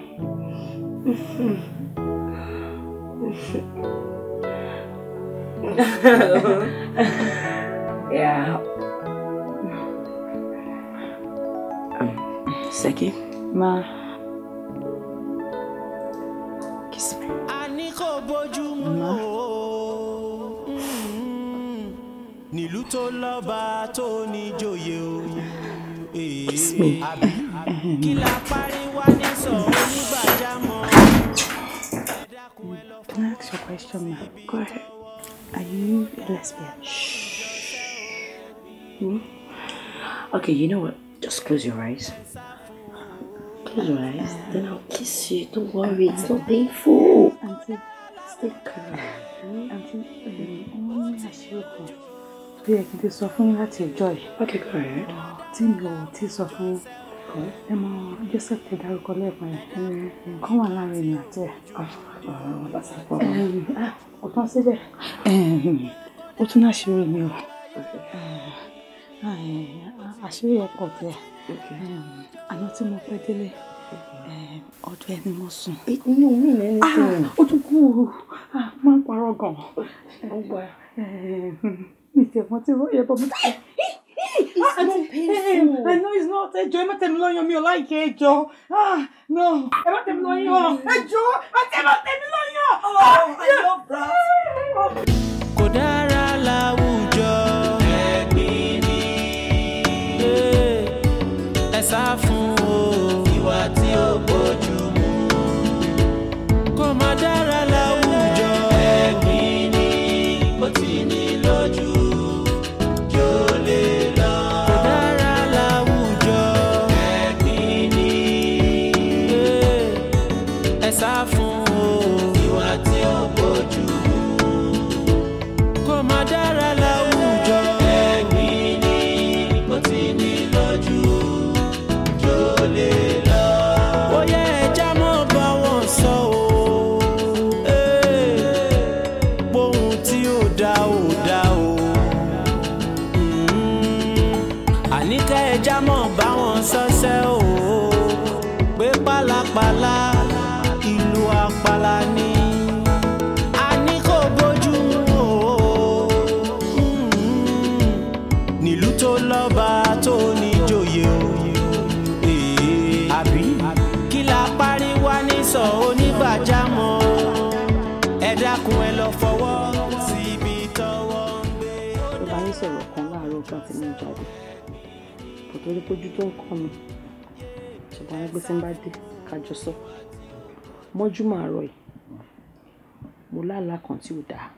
yeah. Second, Seki. Ma. Kiss me. Ma. Mm-hmm. tó o. Can I ask you a question, ma'am? Go ahead. Are you a lesbian? Shh. Hmm? Okay, you know what? Just close your eyes. Close your eyes. Uh, then I'll kiss you. Don't worry, uh, it's not painful. Auntie, stay calm. Auntie, um, I'm only a shiroko. Okay, go ahead. tí lọ tí sọ fún ẹ mọ Joseph ti dárúkọ lẹ́ẹ̀kan yẹn nǹkan wà láàrin èmi àti ẹ̀. Ah, ah, ah, kò tán síbẹ̀ ó tún náà ṣeré mi o àṣírí ẹ̀kọ́ tẹ̀ àná tí mo pẹ́ délé ọdún ẹni mo sùn. E, inú mi lè ní sùn. ó tún kú o máa ń parọ́ gan-an. mi tẹ̀ wọ́n ti rọ́ yẹ bọ́ mi. it's ah, not painful. I know it's not. Ẹjọ́ ẹ má tẹ̀mí you, mi ò láìké ẹjọ́. Ah, no. Ẹ má tẹ̀mí lọ́yàn. Ẹjọ́ mm. ẹ má tẹ̀mí lọ́yàn. Oh, I love ah, that. Kò dára láwùjọ. Ẹ̀gbìn ni. Ẹ sá fún. torí pójú tó ń kọ́ mi ṣùgbọ́n ẹgbẹ́ tí ń bá dé kájọ sọ mọ́júmọ́ àárọ̀ yìí mo lálàá kan tí ò dáa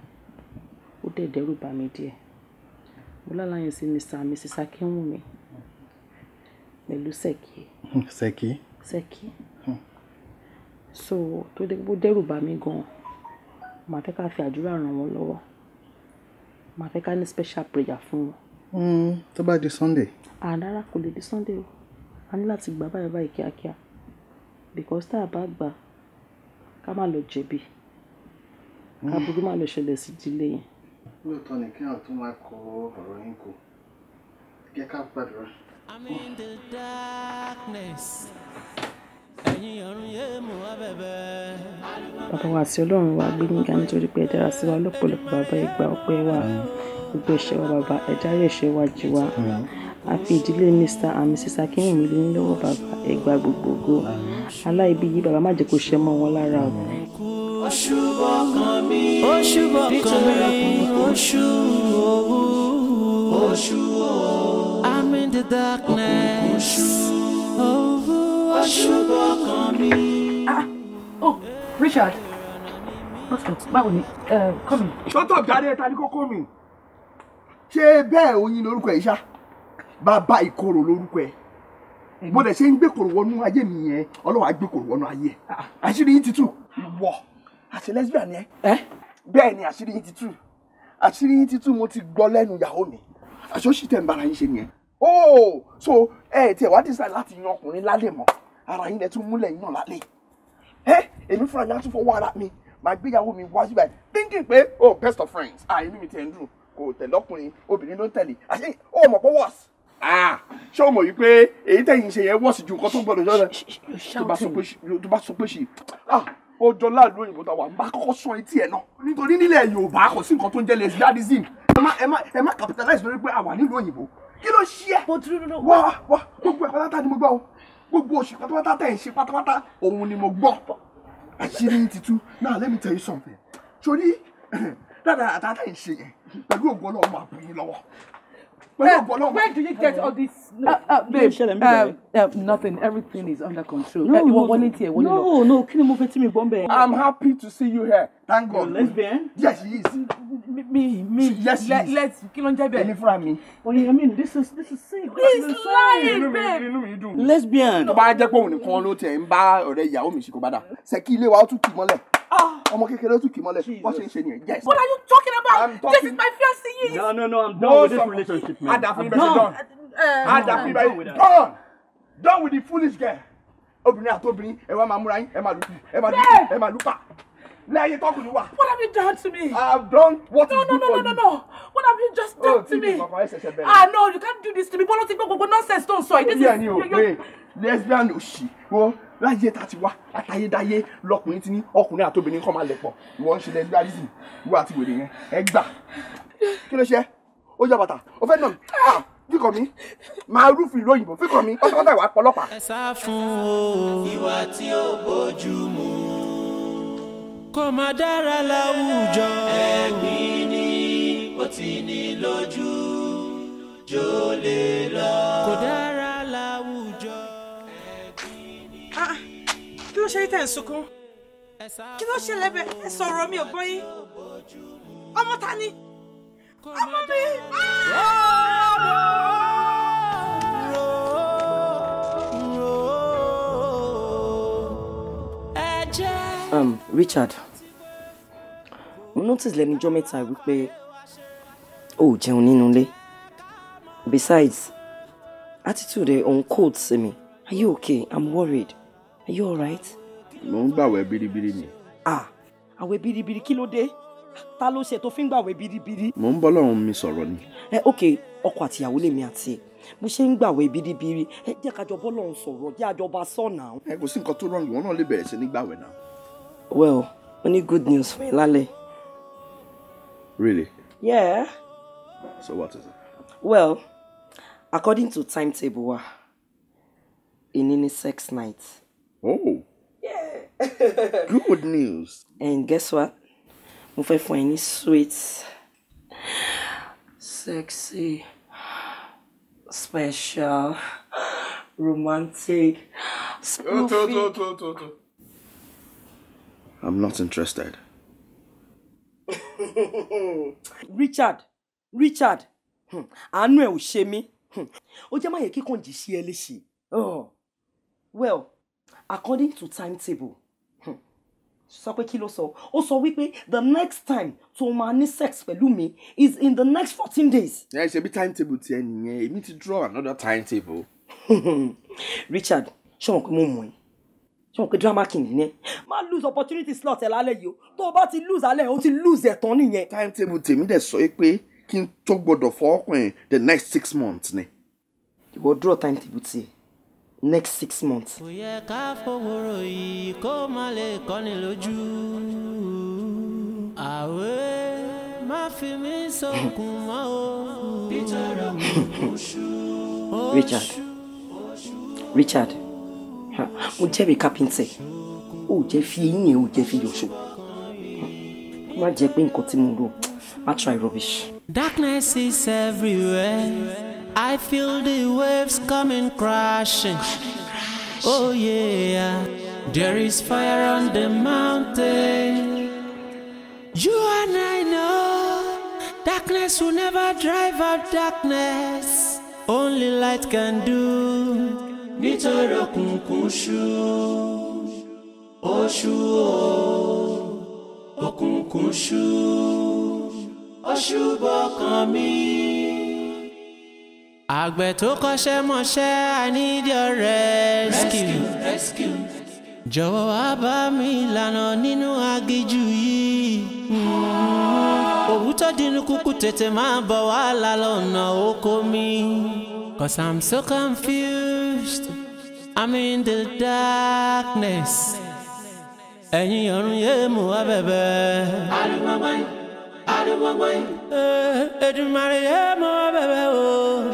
ó dẹ̀ dẹ́rù bà mí díẹ̀ mo lálàá yẹn sí mr and mrs akínwùmí pẹ̀lú sẹ́kì. sẹ́kì. sẹ́kì. so tó dẹ́rù bà mí gan-an màá fẹ́ ká fi àdúrà ràn wọ́n lọ́wọ́ màá fẹ́ ká ní special prayer fún wọn. Hmm, tó bá di sunday àá rárá kò lè di Sunday o. A ní láti gbà báyìí báyìí kíákíá because tá a bá gbà ká má lọ jẹ̀bi ká hmm. burú má lọ ṣẹlẹ̀ sí ìdílé yẹn. Lóòótọ́ ni kí àwọn máa kọ ọ̀rọ̀ yín kò jẹ́ ká gbàdúrà. I'm in the darkness. Ẹ̀yin ọ̀run yéé mú wá bẹ̀bẹ̀. Bàbá wa àti Ọlọ́run wa gbé nígbà nítorí pé ẹ dára sí wa lọ́pọ̀lọpọ̀ bàbá ìgbà ọpẹ́ wa hmm. gbogbo ẹ̀ṣẹ̀ wa bàbá ẹ dárí ẹ̀ṣẹ̀ wa jì wá. Hmm a fi ìdílé mr and mrs akínwùmí lé lọ́wọ́ bàbá ẹgbà gbogbogbò aláìbí yìí bàbá má jẹ́ kó ṣe mọ́ wọn lára o. oṣù bọ́kàn mi oṣù owó oṣù owó i'm in the darkness owó oṣù bọ́kàn mi. ah oh richard báwo ni kọ́mi. sọ́tọ̀ jáde ta ni kò kọ́ mi ṣé bẹ́ẹ̀ oyin lórúkọ yìí ṣá bàbá ìkorò lórúkọ ẹ bó dẹ̀ ṣe ń gbèkòrò wọnú ayé mi yẹn ọlọ́wọ́ á gbèkòrò wọnú ayé ẹ ah. àṣírí yín ti tú wọ àti lesbian ni ẹ bẹ́ẹ̀ ni àṣírí yín ti tú àṣírí yín ti tú mo ti gbọ́ lẹ́nu ìyàwó mi àṣọ́ṣì tẹ̀ ń bára yín ṣe nìyẹn oh so ẹ tiẹ̀ wá dísà láti yan ọkùnrin lálẹ́ mọ́ ara yín lẹ tún múlẹ̀ yín náà lálẹ́ ẹ èmi fúnra yín á tún fọwọ́ ara mi màá gbéyàwó mi wájú báyìí thinking pé oh best of friends àìní ah, mi ti ẹ̀ ń dùn kò tẹ̀lé ọkùnrin obìnrin ló ń tẹ̀lé oh mọ̀ pé worse Ah. ṣé o mọ̀ yìí pé èyí tẹ̀yìn ṣe yẹn wọ́ọ̀sì ju nǹkan tó gbọ́dọ̀ yọ lẹ tó bá sọ pé ṣì ah, ó jọ láàlú òyìnbó tá a wà ń bá kọ́kọ́ sọ etí ẹ̀ náà nítorí nílẹ̀ Yorùbá kò sí nǹkan tó ń jẹ́ lesbianism ẹ má ẹ má ẹ má capitalize lórí pé a wà nílùú òyìnbó kí ló ṣe ẹ wá wá gbogbo ẹ̀ pátápátá ni mo gbọ́ o gbogbo oṣù pátápátá tẹ̀ ń ṣe pátápátá òun ni mo gbọ́ àṣírí ti tú now let me tell you something sori dáadáa àtàtà ń ṣe yẹn pẹ̀lú ògbọ́n náà wà bùn yín lọ́wọ́ Where, where, do you get all this? No, uh, uh, babe, uh, uh, nothing. Everything is under control. No, uh, no, no, no, no. Kí ni mo fẹ́ tí mi bọ́ I'm happy to see you here. Thank God. You're lesbian? Yes, he is. Me, me, me. Yes, he is. Let's. Kí ló ń jẹ́ bẹ́ẹ̀? Èmi fúnra I mean, this is this is sick. He's lying, babe. Inú mi dùn. Lesbian. Tó bá jẹ́ pé òun nìkan ló tẹ̀ ń bá ọ̀rẹ́ ìyàwó mi ṣe kò bá dà. Ṣé wa ó tún tì mọ́lẹ̀? Ah! ọmọ kékeré tún kì í mọ́lẹ̀ wọ́n ṣe ń ṣe nìyẹn yes. what are you talking about this is my first year. no no no i'm done with this relationship man. adafun ibẹ̀ ṣe done adafun um, ibẹ̀ ṣe done done with the foolish girl obìnrin àti obìnrin ẹ wá máa múra yín ẹ máa lù ẹ máa lù ẹ máa lù pa lẹ́yìn tọkùnrin wa. what have you done to me. i have done what no, is no, good no, for you. no no no no what have you just oh, done oh, to me. ah no you can't do this to me bọ́lá ti gbọ́ gbogbo nonsense tó ń sọ yìí. ó yẹ ni o pé lesbian òṣì wo láyé tá a ti wá àtayédáyé lọkùnrin ti ní ọkùnrin àtobìnrin kọ́ máa lẹ̀ pọ̀ ìwọ ń ṣe lẹ́gbẹ́ àdìsí ìwọ àti wèrè yẹn ẹ gbà kí ló ṣe ó yá bàtà ó fẹ́ nà mí ah, fíkọ̀ mi máa rúfin ìlú òyìnbó fíkọ̀ mi pátápátá ìwà ọlọ́pàá. ẹ sá fún o ìwà tí ó bójú mu kò má dára láwùjọ. ẹ̀gbin ni ó ti ní lójú jólè lọ. kò dára. ló ṣe tẹ̀ ń kí ló ṣe lẹ́bẹ̀ ẹ sọ̀rọ̀ mi ò gbọ́ yín ọmọ ta ni ọmọ mi. Um, Richard mo notice lẹ́nu ọjọ́ mẹ́ta wípé o ò jẹun nínú ilé besides attitude ẹ eh, on cold sí eh, are you okay i'm worried. Are you alright? Mo ń gbàwẹ̀ biribiri ni. Ah, àwẹ̀ biribiri kí ló dé? Ta ló ṣe tó fi ń gbàwẹ̀ biribiri? Mo ń bọ́ lọ́run mi sọ̀rọ̀ ni. Ẹ ok, ọkọ àtìyàwó lèmi àti ẹ̀. Mo ṣe ń gbàwẹ̀ biribiri. Ẹ jẹ́ kájọ bọ́ lọ́run sọ̀rọ̀, jẹ́ àjọba sọ̀nà. Ẹ kò sí nǹkan tó rọrùn, wọn náà lè bẹ̀rẹ̀ sí ní gbàwẹ̀ náà. Well, mo ní good news fún ẹ Really? Yeah. So what is it? Well, according to timetable wa, èyí ni sex night. Oh. Yeah. Good news. And guess what? Mo fẹ́ fún any ní sweet, sexy, special, romantic, spoofy. Oh, to, to, to, to. I'm not interested. Richard, Richard, hmm, àánú ẹ̀ ò ṣe mí. Hmm, ó jẹ́ máa yẹ kíkànjì sí ẹ léṣe. Oh, well according to timetable hmm. sọ pé kí ló sọ ó sọ wípé the next time to o máa ní sex pẹ̀lú mi is in the next fourteen days. ẹ ṣe bí timetable tiẹ̀ nìyẹn èmi ti draw another timetable. Richard ṣé wọn pé mo mọ̀ ẹ́ ṣé wọn pé drama king nìyẹn má lose opportunity slot ẹ̀ lálẹ́ yìí o tó o bá ti lose alẹ́ o ti lose ẹ̀ tán nìyẹn. timetable tèmi dẹ̀ sọ pé kí n tó gbọdọ̀ fọwọ́kùn the next six months ni. ìwọ draw timetable tiẹ̀ next six months. kò yẹ ká fòwòrò yìí kó má lè kọ́ni lójú àwẹ̀ má fi mí sọkún mọ́ o. Richard Richard mo jẹ́rìí kápẹ́ńtẹ̀ ó jẹ́ fi eyín ẹ̀ ó jẹ́ fi yọ̀ṣọ́ má jẹ́ pé nǹkan tí mo rò á try rubbish. Darkness is everywhere. I feel the waves coming crashing. Oh yeah, there is fire on the mountain. You and I know darkness will never drive out darkness. Only light can do. Nítorí òkùnkùn ṣú, oshu o, òkùnkùn ṣú, àgbẹ̀ tó kọ́ṣẹ́ mọṣẹ́ I need your rescue. rescue. rescue. jọ̀wọ́ wá bá mi lànà nínú aginjù yìí. Ah. òwú tó dínú kúkú tètè máa bọ̀ wá lálọ́nà oko mi. Cause I'm so confused, I'm in the darkness. ẹ̀yin ọ̀run yéé mú wá bẹ̀bẹ̀. àdùnmọ̀gbọ́n àdùnmọ̀gbọ́n. Èdùmàrè yẹ mọ bẹ̀bẹ̀ o.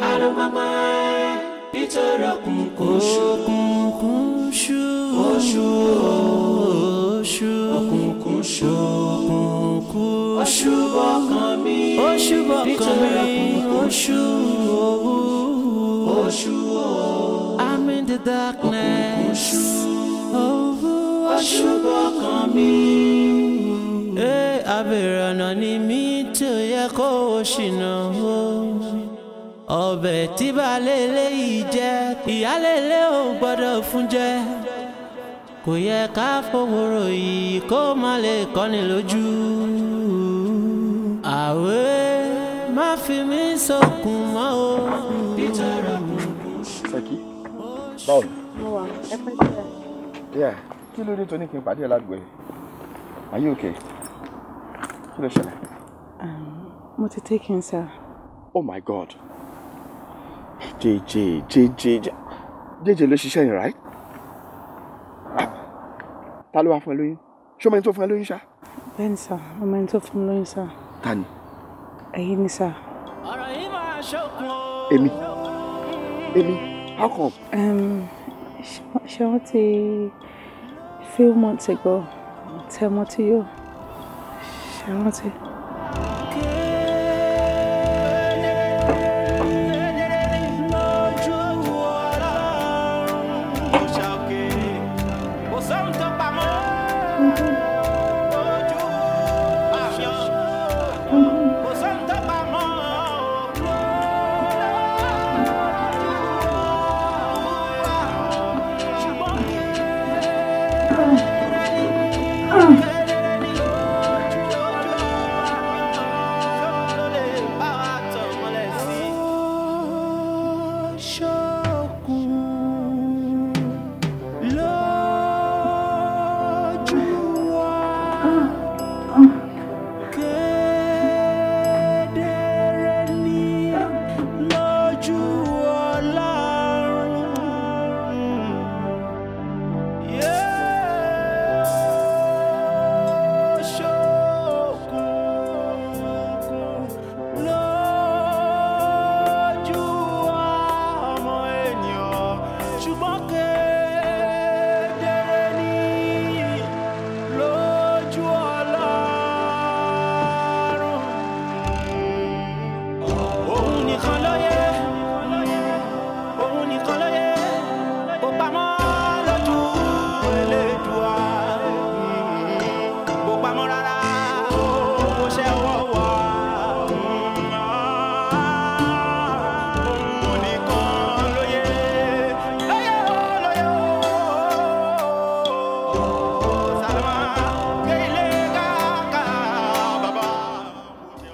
àrùmọ́mọ́ ẹ nítorí òkùnkùn ṣú. òkùnkùn ṣú. oṣù oṣù. òkùnkùn ṣú. òkùnkùn ṣú. oṣù bọ̀kan mi. oṣù bọ̀kan mi. nítorí òkùnkùn ṣú. oṣù o. I'm in the darkness. òkùnkùn ṣú. oṣù bọ̀kan mi. ẹ eh, abèrè ọ̀nà jẹ́ kó o ṣìnà o ọbẹ̀ tí balẹ̀ eléyìí jẹ́ ìyálélé ò gbọ́dọ̀ fún jẹ kò yẹ ká fòwòrò yìí kó má lè kọ́ni lójú àwé má fi mí sọkún mọ́ o. sẹ́kì báwo ni. mo wà ẹ pẹ́ sílẹ̀. kí ló dé tó ní kí n pàdé ẹ ládùúgbò yìí are you okay kí ló ṣẹlẹ̀. Mo ti take him, sir. Oh my God. JJ, JJ, JJ ló ṣiṣẹ́ yẹn, right? Ta ló wá fún ẹ lóyún? Ṣé o mẹ́ni tó fún ẹ lóyún ṣá? Bẹ́ẹ̀ni sá, mo mẹ́ni tó fún mi lóyún sá. Ta ni? Ẹ̀yin ni sá. Èmi, èmi, how come? Um, ṣé wọ́n ti few months ago tẹ́ ọmọ tí yóò ṣe rántí?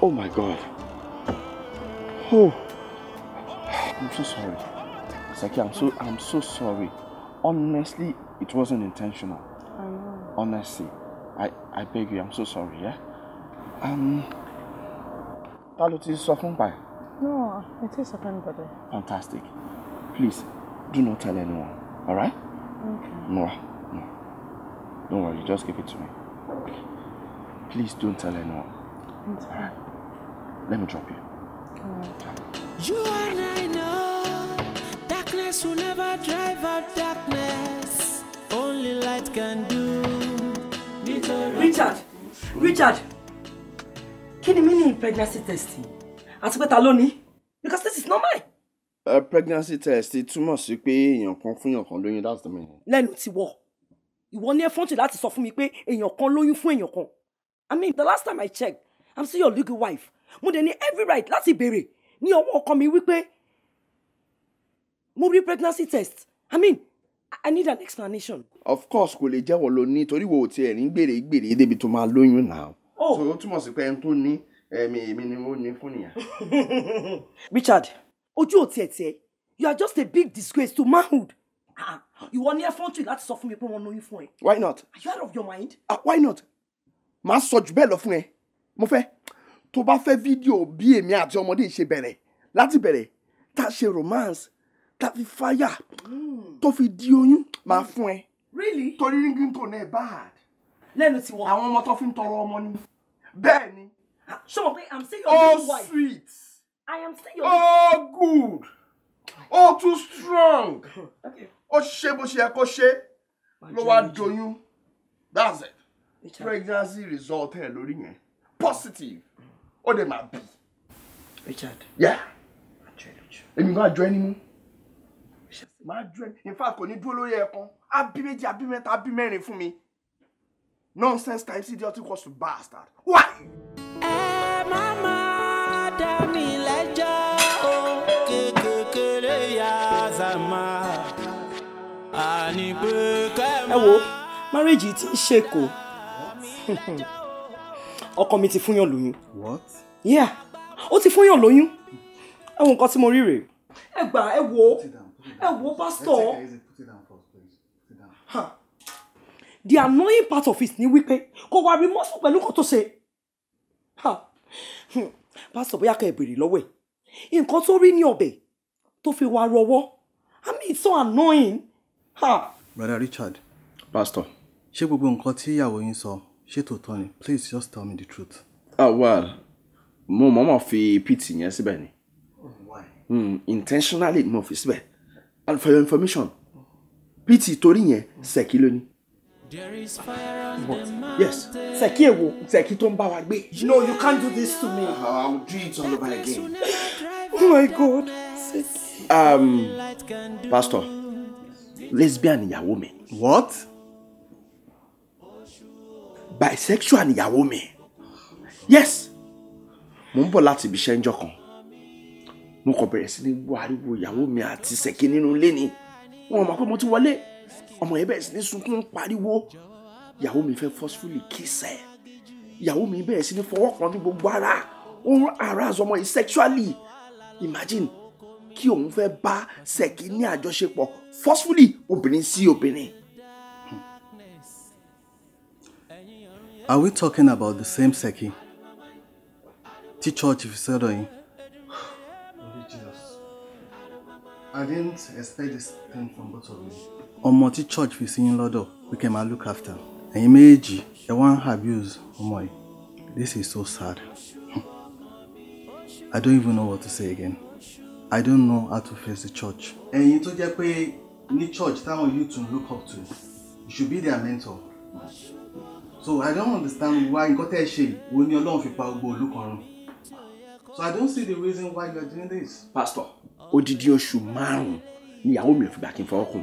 Oh my God. Oh. I'm so sorry. I'm so, I'm so sorry. Honestly, it wasn't intentional. I know. Honestly. I, I beg you, I'm so sorry, yeah? Um, Talot suffering by? No, it is suffering by. Fantastic. Please, do not tell anyone, alright? Okay. No, no. Don't worry, just give it to me. Please don't tell anyone. It's fine. Let me drop you. Mm. You and I know darkness will never drive out darkness. Only light can do. Richard, Richard, kí ni meaning pregnancy testing? yìí? Àti pé ta ló Because this is not mine. A pregnancy test Too much to pay in your èèyàn kan lóyún that's the meaning. Lẹ́nu ti wọ̀, ìwọ ní to láti sọ fún mi pé èèyàn kan lóyún fún your con. I mean the last time I checked, I'm still your legal wife mo dẹ̀ ní every right láti béèrè ní ọwọ́ ọkọ mi wípé mo rí pregnancy test i mean i need an explanation. of course kò lè jẹ́wọ́ ló ní torí wo tiẹ̀ ní gbèrè gbèrè débi tó máa lóyún náà. Oh. so ó túmọ̀ sí pé ẹni tó ní ẹ̀mí èmi ni ó ní fún nìyà. Richard ojú ò tiẹ̀ tiẹ̀ you are just a big disgrace to manhood. Ah, ìwọ ní ẹfọ́ntì láti sọ fún mi pé wọ́n lóyún fún ẹ. why not. are you out of your mind. Uh, why not. màá sọ jù bẹ́ẹ̀ lọ fún ẹ mo fẹ́ tó bá fẹ́ fídíò bí èmi àti ọmọdé ṣe bẹ̀rẹ̀ láti bẹ̀rẹ̀ tá a ṣe romance tá a fi fáyà hmm. tó fi di oyún máa hmm. fún ẹ. really torí ringing tone ẹ bad. lẹ́nu tí wọ́n. àwọn ọmọ tó fi ń tọrọ ọmọ ni. bẹ́ẹ̀ ni. sọ ah, pé i'm still your oh, wife. oh sweet. i am still your. oh good. oh too strong. ó ṣe bó ṣe yẹ kó ṣe ló wá doyún that's it pregnancy result ẹ lórí yẹn positive ó dẹ̀ máa bì. Richard. yà èmi máa jọ ẹni mú máa jọ ẹni in fact kò ní dúró lórí ẹ̀kan abí méjì abí mẹ́ta abí mẹ́rin fún mi nonsense times idiotic was to bastard why. ẹ má máa dá mi lẹ́jọ́ o kékeré yá zàmà àní pé kẹ́ máa. ẹ wo marriage ti ń ṣe kò ọkọ mi ti fún yàn lóyún. what. yeah ó ti fún yàn lóyún. ẹ wo nǹkan tí mo rí rèé. ẹ gbà ẹ wo ẹ wo pásítọ̀. the annoying part of it ni wípé kò wá remorseful pẹ̀lú nǹkan tó ṣe. Hmm. pásítọ̀ bóyá kẹ́ ẹ béèrè lọ́wọ́ ẹ̀ nǹkan tó rí ní ọbẹ̀ tó fi wá rọwọ́ I mean it's so annoying. Ha. brother Richard pastor ṣé gbogbo nǹkan tí ìyàwó yín sọ ṣé tòótọ́ ni please just tell me the truth. ah well mo mọ̀ọ́mọ̀ fi pt yẹn síbẹ̀ ni mm, intentionally mo fi síbẹ̀ and for your information pt torí yẹn sẹ̀kí ló ní. What? Yes. Seki ewo. Seki tó ń bá wa gbé. No, you can't do this to me. Uh, ah, I will do it all over again. oh my God. Um, Pastor, lesbian ìyàwó mi. What? bisexual nìyàwó mi yes mo ń bọ̀ láti ibi iṣẹ́ ńjọ́ kan mo kàn bẹ̀rẹ̀ sí ní wá ariwo ìyàwó mi àti ṣèké nínú ilé ni wọn mọ̀ pé mo ti wọlé ọmọ yẹn bẹ̀rẹ̀ sí ní sunkún pariwo ìyàwó mi fẹ́ forcefully kiss ẹ̀ ìyàwó mi bẹ̀rẹ̀ sí ní fọwọ́ kan ní gbogbo ara ó ń arouse ọmọ yìí sexually imagine kí òun fẹ́ bá ṣèké ní àjọṣepọ̀ forcefully obìnrin sí obìnrin Are we talking about the same Seki? Tí if you said yín. I didn't expect this thing from both of you. On multi church we sí yín lọ́dọ̀ we came and look after. Ẹ̀yin méjì ẹ wá ń abuse ọmọ yìí. This is so sad. I don't even know what to say again. I don't know how to face the church. Ẹ̀yin tó jẹ́ pé ní church táwọn you to look up to, you should be their mentor so i don't understand why nǹkan tẹ́ ẹ ṣe wo ni ọlọ́run fi pa gbogbo ìlú kan run so i don't see the reason why you are doing this. pastor odidi oṣù márùn-ún ni ìyàwó mi ò fi gbà kí n fọwọ́ kùn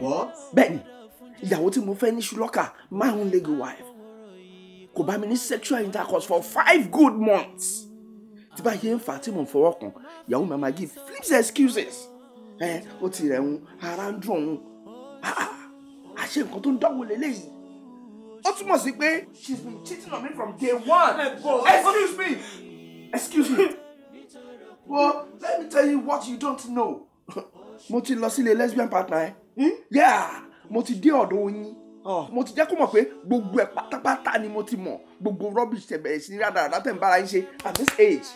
bẹ́ẹ̀ ni ìyàwó tí mo fẹ́ ní ṣùlọ́kà márùn-ún legal wife kò bá mi ní sexual intercourse for five good months tí bá yẹ ń fà tí mò fọwọ́ kàn ìyàwó mi máa flips excuses ẹ ó ti rẹ̀ ń ara ń dùn òun ah, ah, àṣé nǹkan tó ń dọ́wọ́ lélẹ́yìí ó túmọ̀ sí pé she's been cheating on me from day one excuse me excuse me well let me tell you what you don't know mo ti lọ sílé lesbian partner ẹ hmm? yeah mo ti dé ọ̀dọ̀ oyin oh. mo ti jẹ́ kó mọ̀ pé gbogbo ẹ̀ pátápátá ni mo ti mọ̀ gbogbo rubbish tẹ̀ bẹ̀rẹ̀ sí rádàrà látẹ̀ ń bára yín ṣe at this age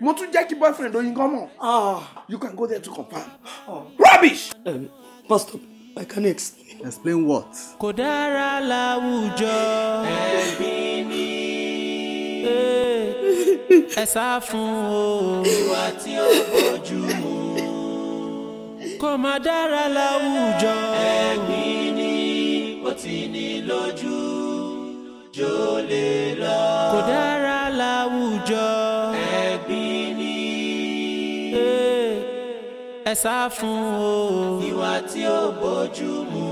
mo tún jẹ́ kí boyfriend oyin gan mọ̀ ah. you can go there to confirm oh. rubbish. Um, pastor I can explain. Explain what? Kò dára láwùjọ. Ẹbí ni. Eh, ẹ sá fún o. Ìwà tí ó bójú mu. Kò má dára láwùjọ. Ẹbí ni ó ti ní lójú. Jólè lọ. Kò dára. ẹ sá fún o. ìwà tí ó bójú mu.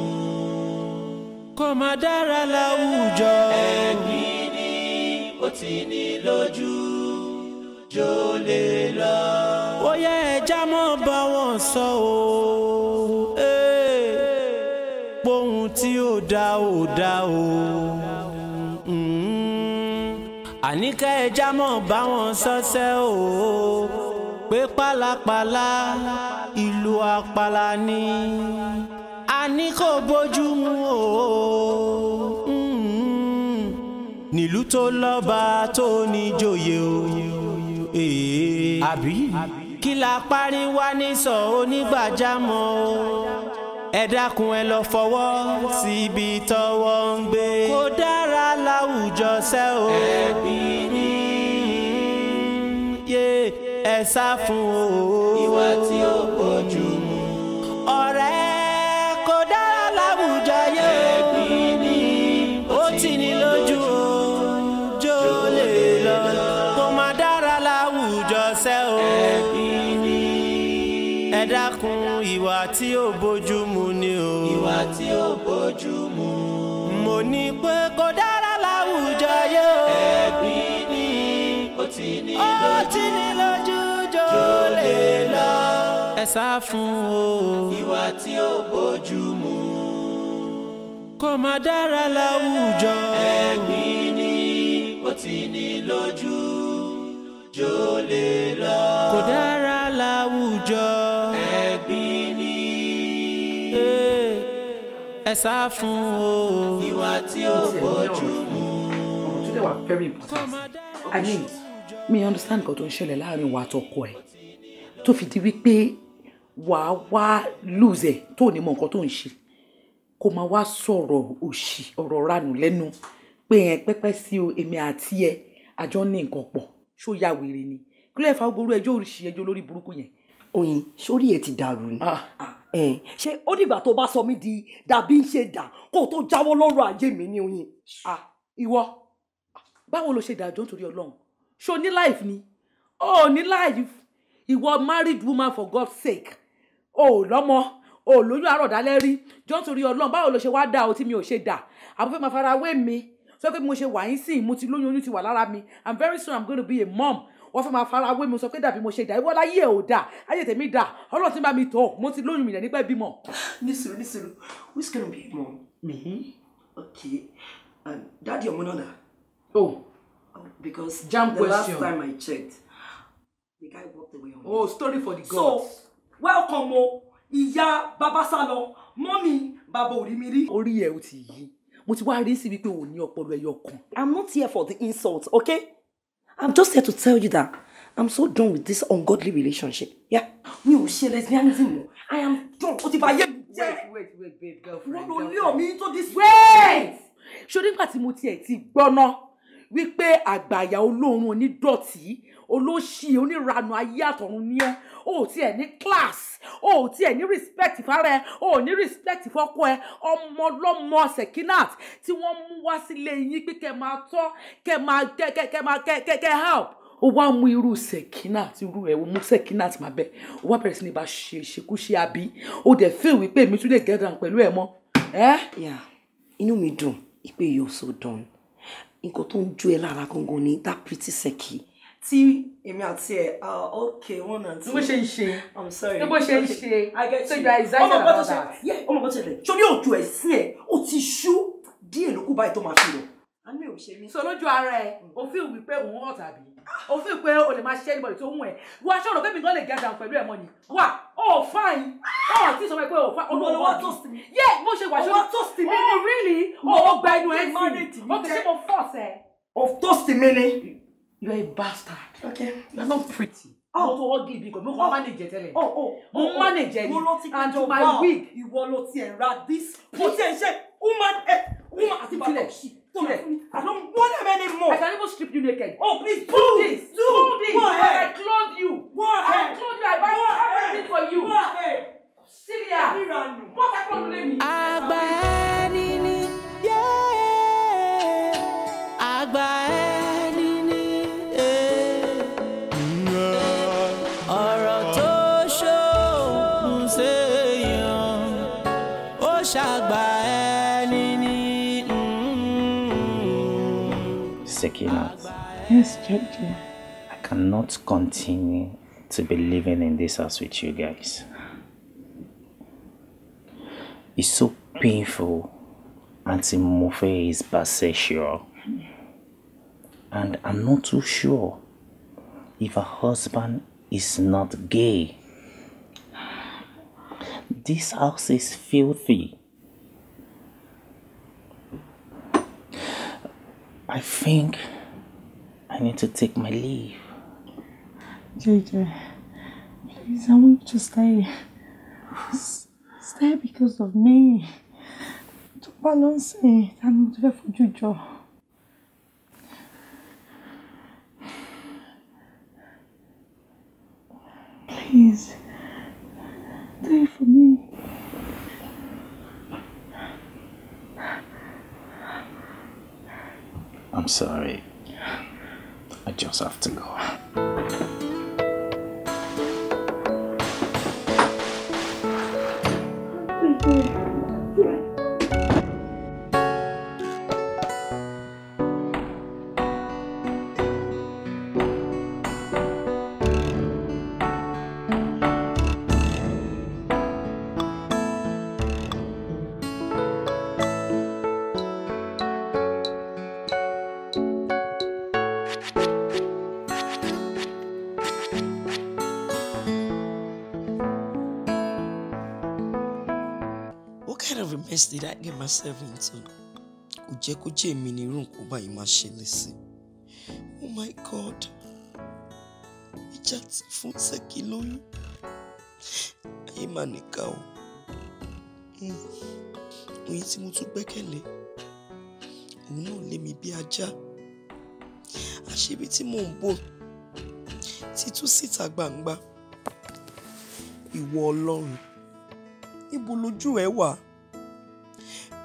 kò má dára láwùjọ. ẹni ní ó ti ní lójú jó lè lọ. ó yẹ ẹja mọ́ bá wọn sọ o. pohun tí ó dá ó dá o. Mm-hmm. àníkẹ́ ẹja mọ́ bá wọn sọ́sẹ́ o pé pálapàla ìlú àpàlà ni a ní kò bójú mu o mm-hmm. nílùú tó lọ́ba tó ní joyè o eh. àbí kí la parí wá ní sọ onígbàjámọ̀ o ẹ dákun ẹ lọ fọwọ́ síbi tọ́wọ́ ń gbé kó dára láwùjọ sẹ́ o ẹbí ni. Yeah ẹ sá fún o. ìwà tí ó bójú mu. ọ̀rẹ́ kò dára láwùjọ yẹ o. ẹbí ni ó tì ní lójú o. jó lè lọ kó má dára láwùjọ sẹ́ o. ẹbí ni. ẹ dákun ìwà tí ó bójú mu ni o. ìwà tí ó bójú mu. mo ní pé kò dára láwùjọ yẹ o. ẹbí ni ó tì ní lójú o jó lè lọ. ẹ sá fún o. ìwà tí ó bójú mu. kò má dára láwùjọ. ẹ̀gbin ni ó ti ní lójú jó lè lọ. kò dára láwùjọ. ẹ̀gbin ni. Eh, ẹ sá fún o. ìwà tí ó bójú mu. I mean, mi understand nǹkan tó ń ṣẹlẹ̀ láàrin wa àtọkọ ẹ̀ tó fi di wípé wàá wá lùzẹ̀ tó ní mọ nǹkan tó ń ṣe kó máa wá sọ̀rọ̀ òṣì ọ̀rọ̀ ranù lẹ́nu pé ẹ pẹ́pẹ́ sí o èmi àti ẹ àjọ ní nǹkan pọ̀ ṣó ya wèrè ni kí ló yẹ fa ogoro ẹjọ́ òrìṣì ẹjọ́ lórí burúkú yẹn. oyin sórí ẹ ti dàrú ni ah, ah. ṣé ó dìgbà tó bá sọ mí di dàbí ń ṣe dà kó o tó jáwọ́ lọ́rọ̀ ajé mi ní oyin. Ah, ìwọ báwo lo ṣe dàjọ́ nítorí ọlọ́run ṣo ní life ni o ò ní life ìwọ married woman for God's sake o Oh, lọ́mọ o ò lóyún àròdálẹ́ rí jọ́ torí ọlọ́run báwo ló ṣe wá dà o tí mi ò ṣe dà àbúfẹ́ máa fara wé mi sọ pé mo ṣe wà yín sí ìmú ti lóyún oyún ti wà lára mi i'm very soon i'm going to be a mom wọ́n fẹ́ máa fara wé mi sọ pé dàbí mo ṣe dà ìwọ́lá yìí ẹ̀ ò dà ayé tèmi dà ọlọ́run ti bá mi tọ̀ mo ti lóyún mi rẹ̀ nígbà bímọ. nísìrò nísìrò who's gonna be mom. mi. okay and um, daddy ọmọ náà. oh because Jam the question. last time I checked, the guy walked away on Oh, me. story for the gods. So, welcome, o. Oh, Ìyá Baba Sálọ, mọ́mí bàbá orí mi rí. Orí ẹ̀ ò ti yí. Mo ti wá rí sí wípé o ní ọpọlọ ẹyọ kan. I'm not here for the insult, okay? I'm just here to tell you that I'm so done with this ungodly relationship. Yeah. Mi ò ṣe lesbianism o. I am done. O ti bá yé Wait, wait, wait, babe, girlfriend. Wọ́n ló lé ọ̀mí into this. way? Shouldn't nígbà tí mo tiẹ̀ ti gbọ́ná? wípé àgbàyà olóorun onídọ̀tí olóṣì onírànú ayé àtọ̀run ní ẹ́ o ò tiẹ̀ ní class o ò tiẹ̀ ní respect fara ẹ o ò ní respect fọ́kọ ẹ ọmọ ọlọ́mọ sekinat tí wọ́n mú wá sílé yín pé kẹ́ máa tọ́ kẹ́ máa kẹ́ kẹ́ kẹ́ máa kẹ́ kẹ́ kẹ́ help ó wá mú irú sekinat irú ẹ ó mú sekinat má bẹ ó wá bẹ̀rẹ̀ sí ní bá ṣe ṣekúṣe àbí ó dẹ̀ feel wípé èmi tún lè get down pẹ̀lú ẹ mọ́ ẹ. inú mi dùn ìpè yóò so dán nǹkan tó ń jó ẹ lára gangan ni that pretty sexy. tí èmi àti ẹ ok one and two. bó ṣe ń ṣe i'm sorry bó ṣe ń ṣe so you are excited about that. ọmọ bọ́tò ṣẹlẹ̀ sórí òjò ẹ̀sìn ẹ̀ ó ti ṣú díẹ̀ ló kú báyìí tó máa fi lọ. a ní òṣèré. sọ lójú ara ẹ òfin wípé òun ọ̀tàbí òfin pé o lè máa ṣe anybody tó mú ẹ wọ aṣọ òrò pẹ́mi gan lè gẹ́gà pẹ̀lú ẹ̀ mọ́ ni wà ó fine ó ti sọ pé o fa olú ọwọ́ toast mi yẹ bó ṣe wà ṣe toast mi ni oh, really ó gba ẹnu ẹ sí ó ti ṣe mo force ẹ. o toast mi ni. you are a bastard. okay you are not pretty. Oh, to what give because mo ko oh. manage tẹ́lẹ̀. Oh, oh, mo oh, manage ni. And my wig, ìwọ ló ti ẹ̀ ra this. Mo ti woman ẹ̀ eh, woman àti bàbá. Don't I don't want them anymore. I can even strip you naked. Oh, please do, do this. Do, do this. Go ahead. I clothe you. Go ahead. I clothe you. I buy everything for you. Go ahead. Syria. What I call you? Agba. seeking out. Yes, gently. I cannot continue to be living in this house with you guys. It's so painful. Auntie Mofe is bisexual. And I'm not too sure if her husband is not gay. This house is filthy. I think I need to take my leave. JJ, please, I want you to stay. stay because of me. To balance it i and there for Juju. Please, stay for me. sorry. I just have to go. did I get myself into? Kò jẹ́ kó jẹ́ èmi ni irú nǹkan báyìí máa ṣẹlẹ̀ sí. Oh my God! Ìjà ti fún Ṣẹ́kì lóyún. Ayé máa nìka o. Hmm. Oyin tí mo tún gbẹ́kẹ̀lé. Òun náà lé mi bí ajá. Àṣebí tí mò ń bò ti tú síta gbangba. Ìwọ Ọlọ́run, níbo lójú ẹ wà? E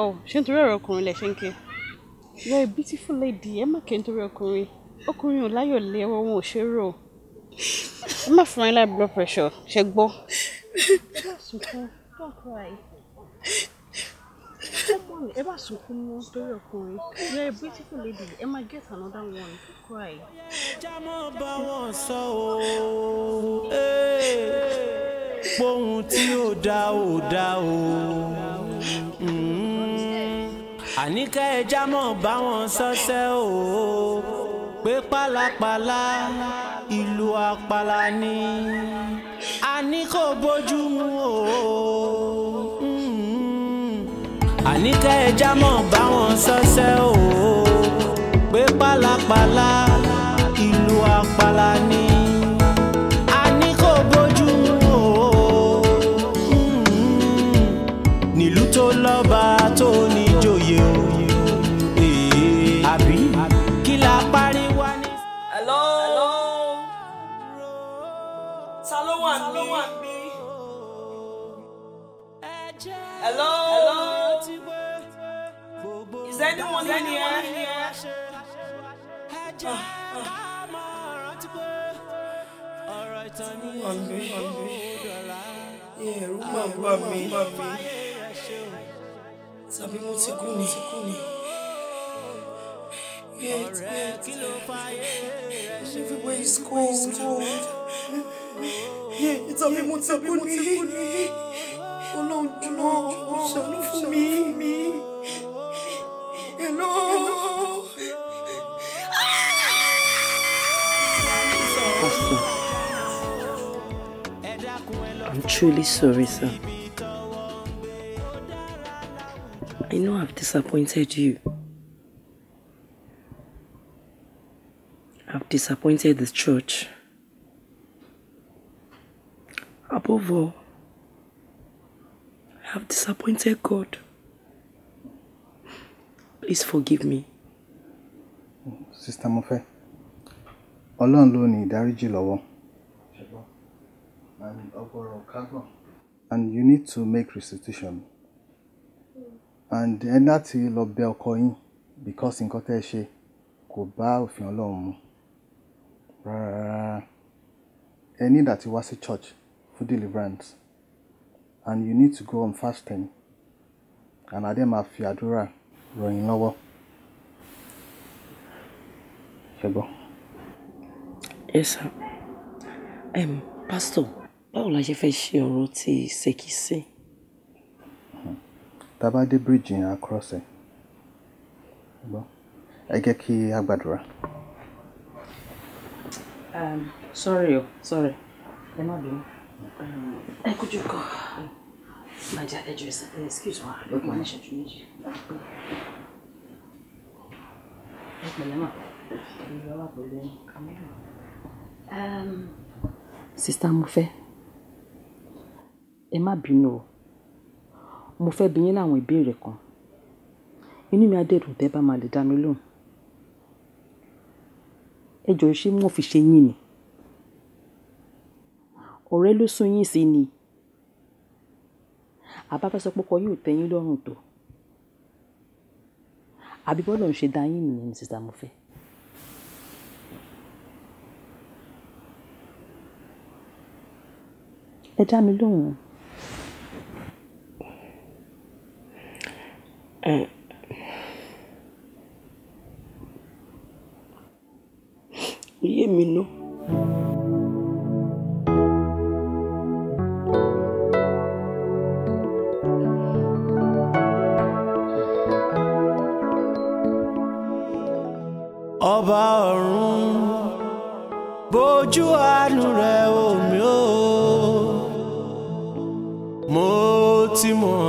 Oh, ṣé nítorí ọ̀rọ̀ ọkùnrin lẹ ṣe ń ké you are a beautiful lady ẹ má ké nítorí ọkùnrin ọkùnrin ò láyọ̀ lé ọwọ́ wọn ò ṣe é rò ẹ má fún yín láì blood pressure ṣe gbọ́. ẹ má sunkún mọ́ torí ọkùnrin you are a beautiful lady ẹ má get another one don't cry. jámọ́ bá wọn sọ ooo pohun tí ó dá ó dá ooo. Mm-hmm àníkà ẹja mọ̀ bá wọn sọ́sẹ́ o pé pálapàla ìlú àpàlà ni àní kò bójú mu o. Mm-hmm. àníkà ẹja mọ̀ bá wọn sọ́sẹ́ o pé pálapàla ìlú àpàlà ni. àní kò bójú mu o. Mm-hmm. sẹ́ni wọn ní ẹ. ẹ̀jẹ̀ àmọ́ rántí pé ọ̀rọ̀ ìtàn ni yóò dọ̀la. ẹ̀rù máa ń bà mí tàbí mo ti kú ni. ọ̀rẹ́ kí ló fàyè rẹ̀ ṣe. everywhere is cold. cold. ìtàbí mo ti kú ni. ọlọ́run jùlọ ṣàánú fún mi. I'm truly sorry, sir. I know I've disappointed you. I've disappointed the church. Above all, I have disappointed God. Please forgive me. Sister Mofe, Ọlọ́run ló ní ìdáríjì lọ́wọ́. And you need to make restitution. And ẹ láti lọ bẹ ọkọ yín because nǹkan tẹ́ ẹ ṣe kò bá òfin Ọlọ́run mu rárá. Ẹ ní ìdàtí wá sí church for deliverance and you need to go on fasting and adé máa fi àdúrà ròyìn lọ́wọ́ ṣùgbọ́n. ẹ sá pásítọ̀ báwo la ṣe fẹ́ ṣe ọ̀rọ̀ ti ṣèkìsí. tá a bá dé bíríìjì yẹn across ẹ ẹ jẹ́ kí a gbàdúrà. sorry o sorry ẹ má bínú ẹ kojú kan. My dear eh, eh, excuse me. Okay. Má ṣe tún méjì. Um, Sister mo fẹ́, ẹ má bínú o, mo fẹ́ bi yín láwọn ìbéèrè kan, inú mi á dẹ̀dùn tẹ́ bá máa lè dá mi lóhùn. Ẹ jọ̀ọ́ ṣé mo fi ṣe yín ni? Ọ̀rẹ́ ló sún àbáfẹ́sọpọ́kọ yóò tẹ́yìn lọ́rùn tó àbí bọ́lọ̀ ń ṣe dáyìn mi ni Mrs. Amofẹ́. ẹ dá mi lóhùn. ẹ yé mi náà. ojú àánú rẹ omi o mo ti mọ̀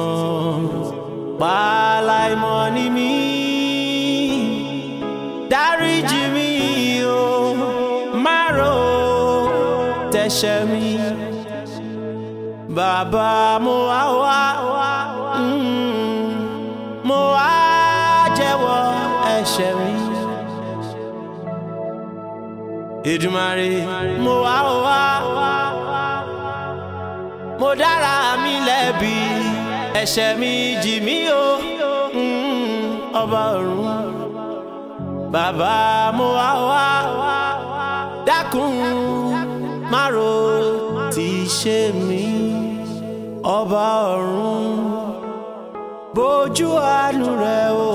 pàlàìmọ̀ ni mi, dáríjì mi o má rò tẹ̀sẹ̀ mi bàbá mo wá o. Èdùmàrè mo wá o wá mo dára mi lẹ́bi ẹ̀ṣẹ̀ mi jì mí o mm-hmm. ọba ọ̀run bàbá mo wá o wá dákun má ro ti ṣe mí ọba ọ̀run bójú àánú rẹ o.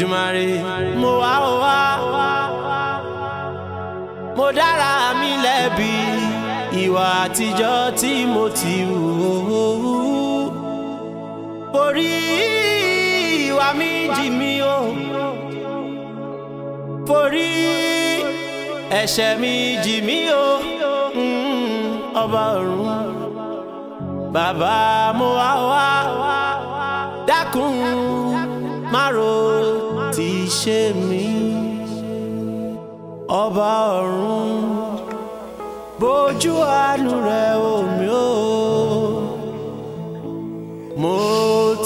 Èdùmàrè mo wá o wá mo dára mi lẹ́bi ìwà àtijọ́ tí mo ti wò borí ìwà mi jì mí o borí ẹ̀ṣẹ̀ mi jì mí o mm, ọba ọ̀run bàbá mo wá wá dákun má ro ti ṣe mí ọba ọ̀run bójú àánú rẹ wò o mo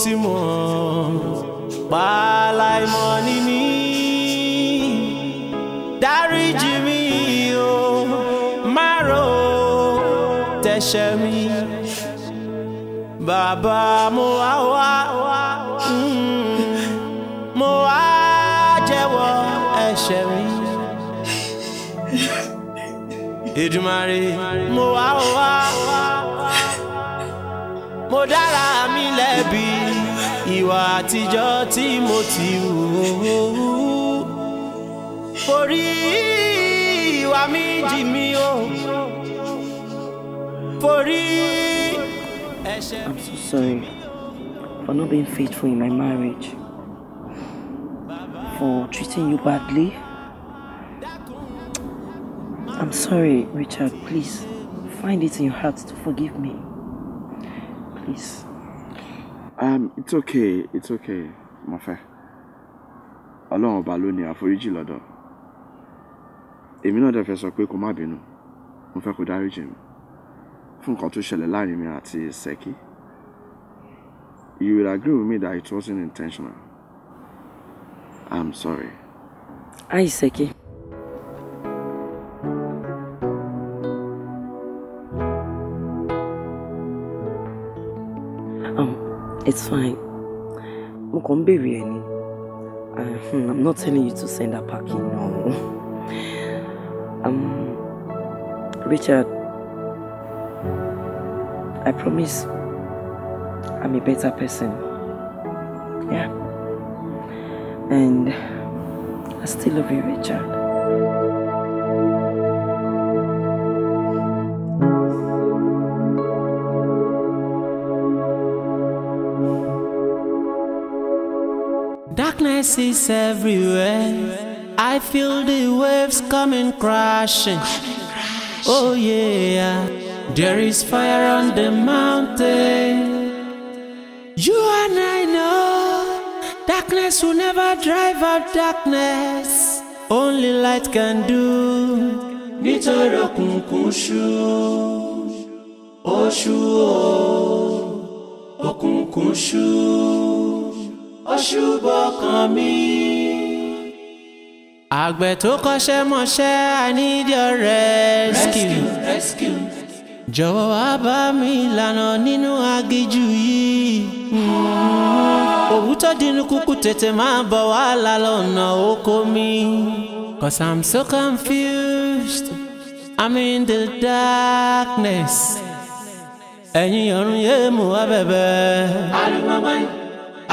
ti mọ̀ pàlàìmọ̀ ní mi dáríjì mi o má rò tẹ̀sẹ̀ mi bàbá mo wá wá. Èdùmàrè mo wá o wá mo dára mi lẹ́bi ìwà àtijọ́ tí mo ti wò ó forí ìwà mi jì mí o forí ẹ̀ṣẹ̀ mi. I'm so sorry for not being faithful in my marriage for treating you badly. I'm sorry, Richard. Please, find it in your heart to forgive me. Please. Um, it's okay. It's okay, my fair. Ọlọ́run ọba ló ní àforíjì lọ́dọ̀. Èmi náà dẹ̀ fẹ́ sọ pé kó má bínú. Mo fẹ́ kó dáríjì mi. Fún nǹkan tó ṣẹlẹ̀ láàrin mi You will agree with me that it wasn't intentional. I'm sorry. Ayi Ṣẹ́kí. It's fine. I'm not telling you to send a packing, no. Um, Richard, I promise I'm a better person. Yeah. And I still love you, Richard. It's everywhere. I feel the waves coming crashing. Oh yeah, there is fire on the mountain. You and I know darkness will never drive out darkness. Only light can do. nítorí òkùnkùn oshu oṣù o òkùnkùn ọ̀ṣùbọ̀ kan mi. àgbẹ̀ tó kọ́ṣẹ́ mọṣẹ́ I need your rescue. rescue, rescue jọ̀wọ́ wá bá mi lànà nínú aginjù yìí. Ah. òwú tó dínú kúkú tètè máa bọ̀ wá lálọ́nà oko mi. cause i'm so confused i'm in the darkness. ẹ̀yin ọ̀run yéé mú wá bẹ̀bẹ̀. àlùmọ́mọ́ yìí.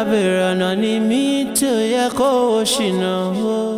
avera na ni mito yako shino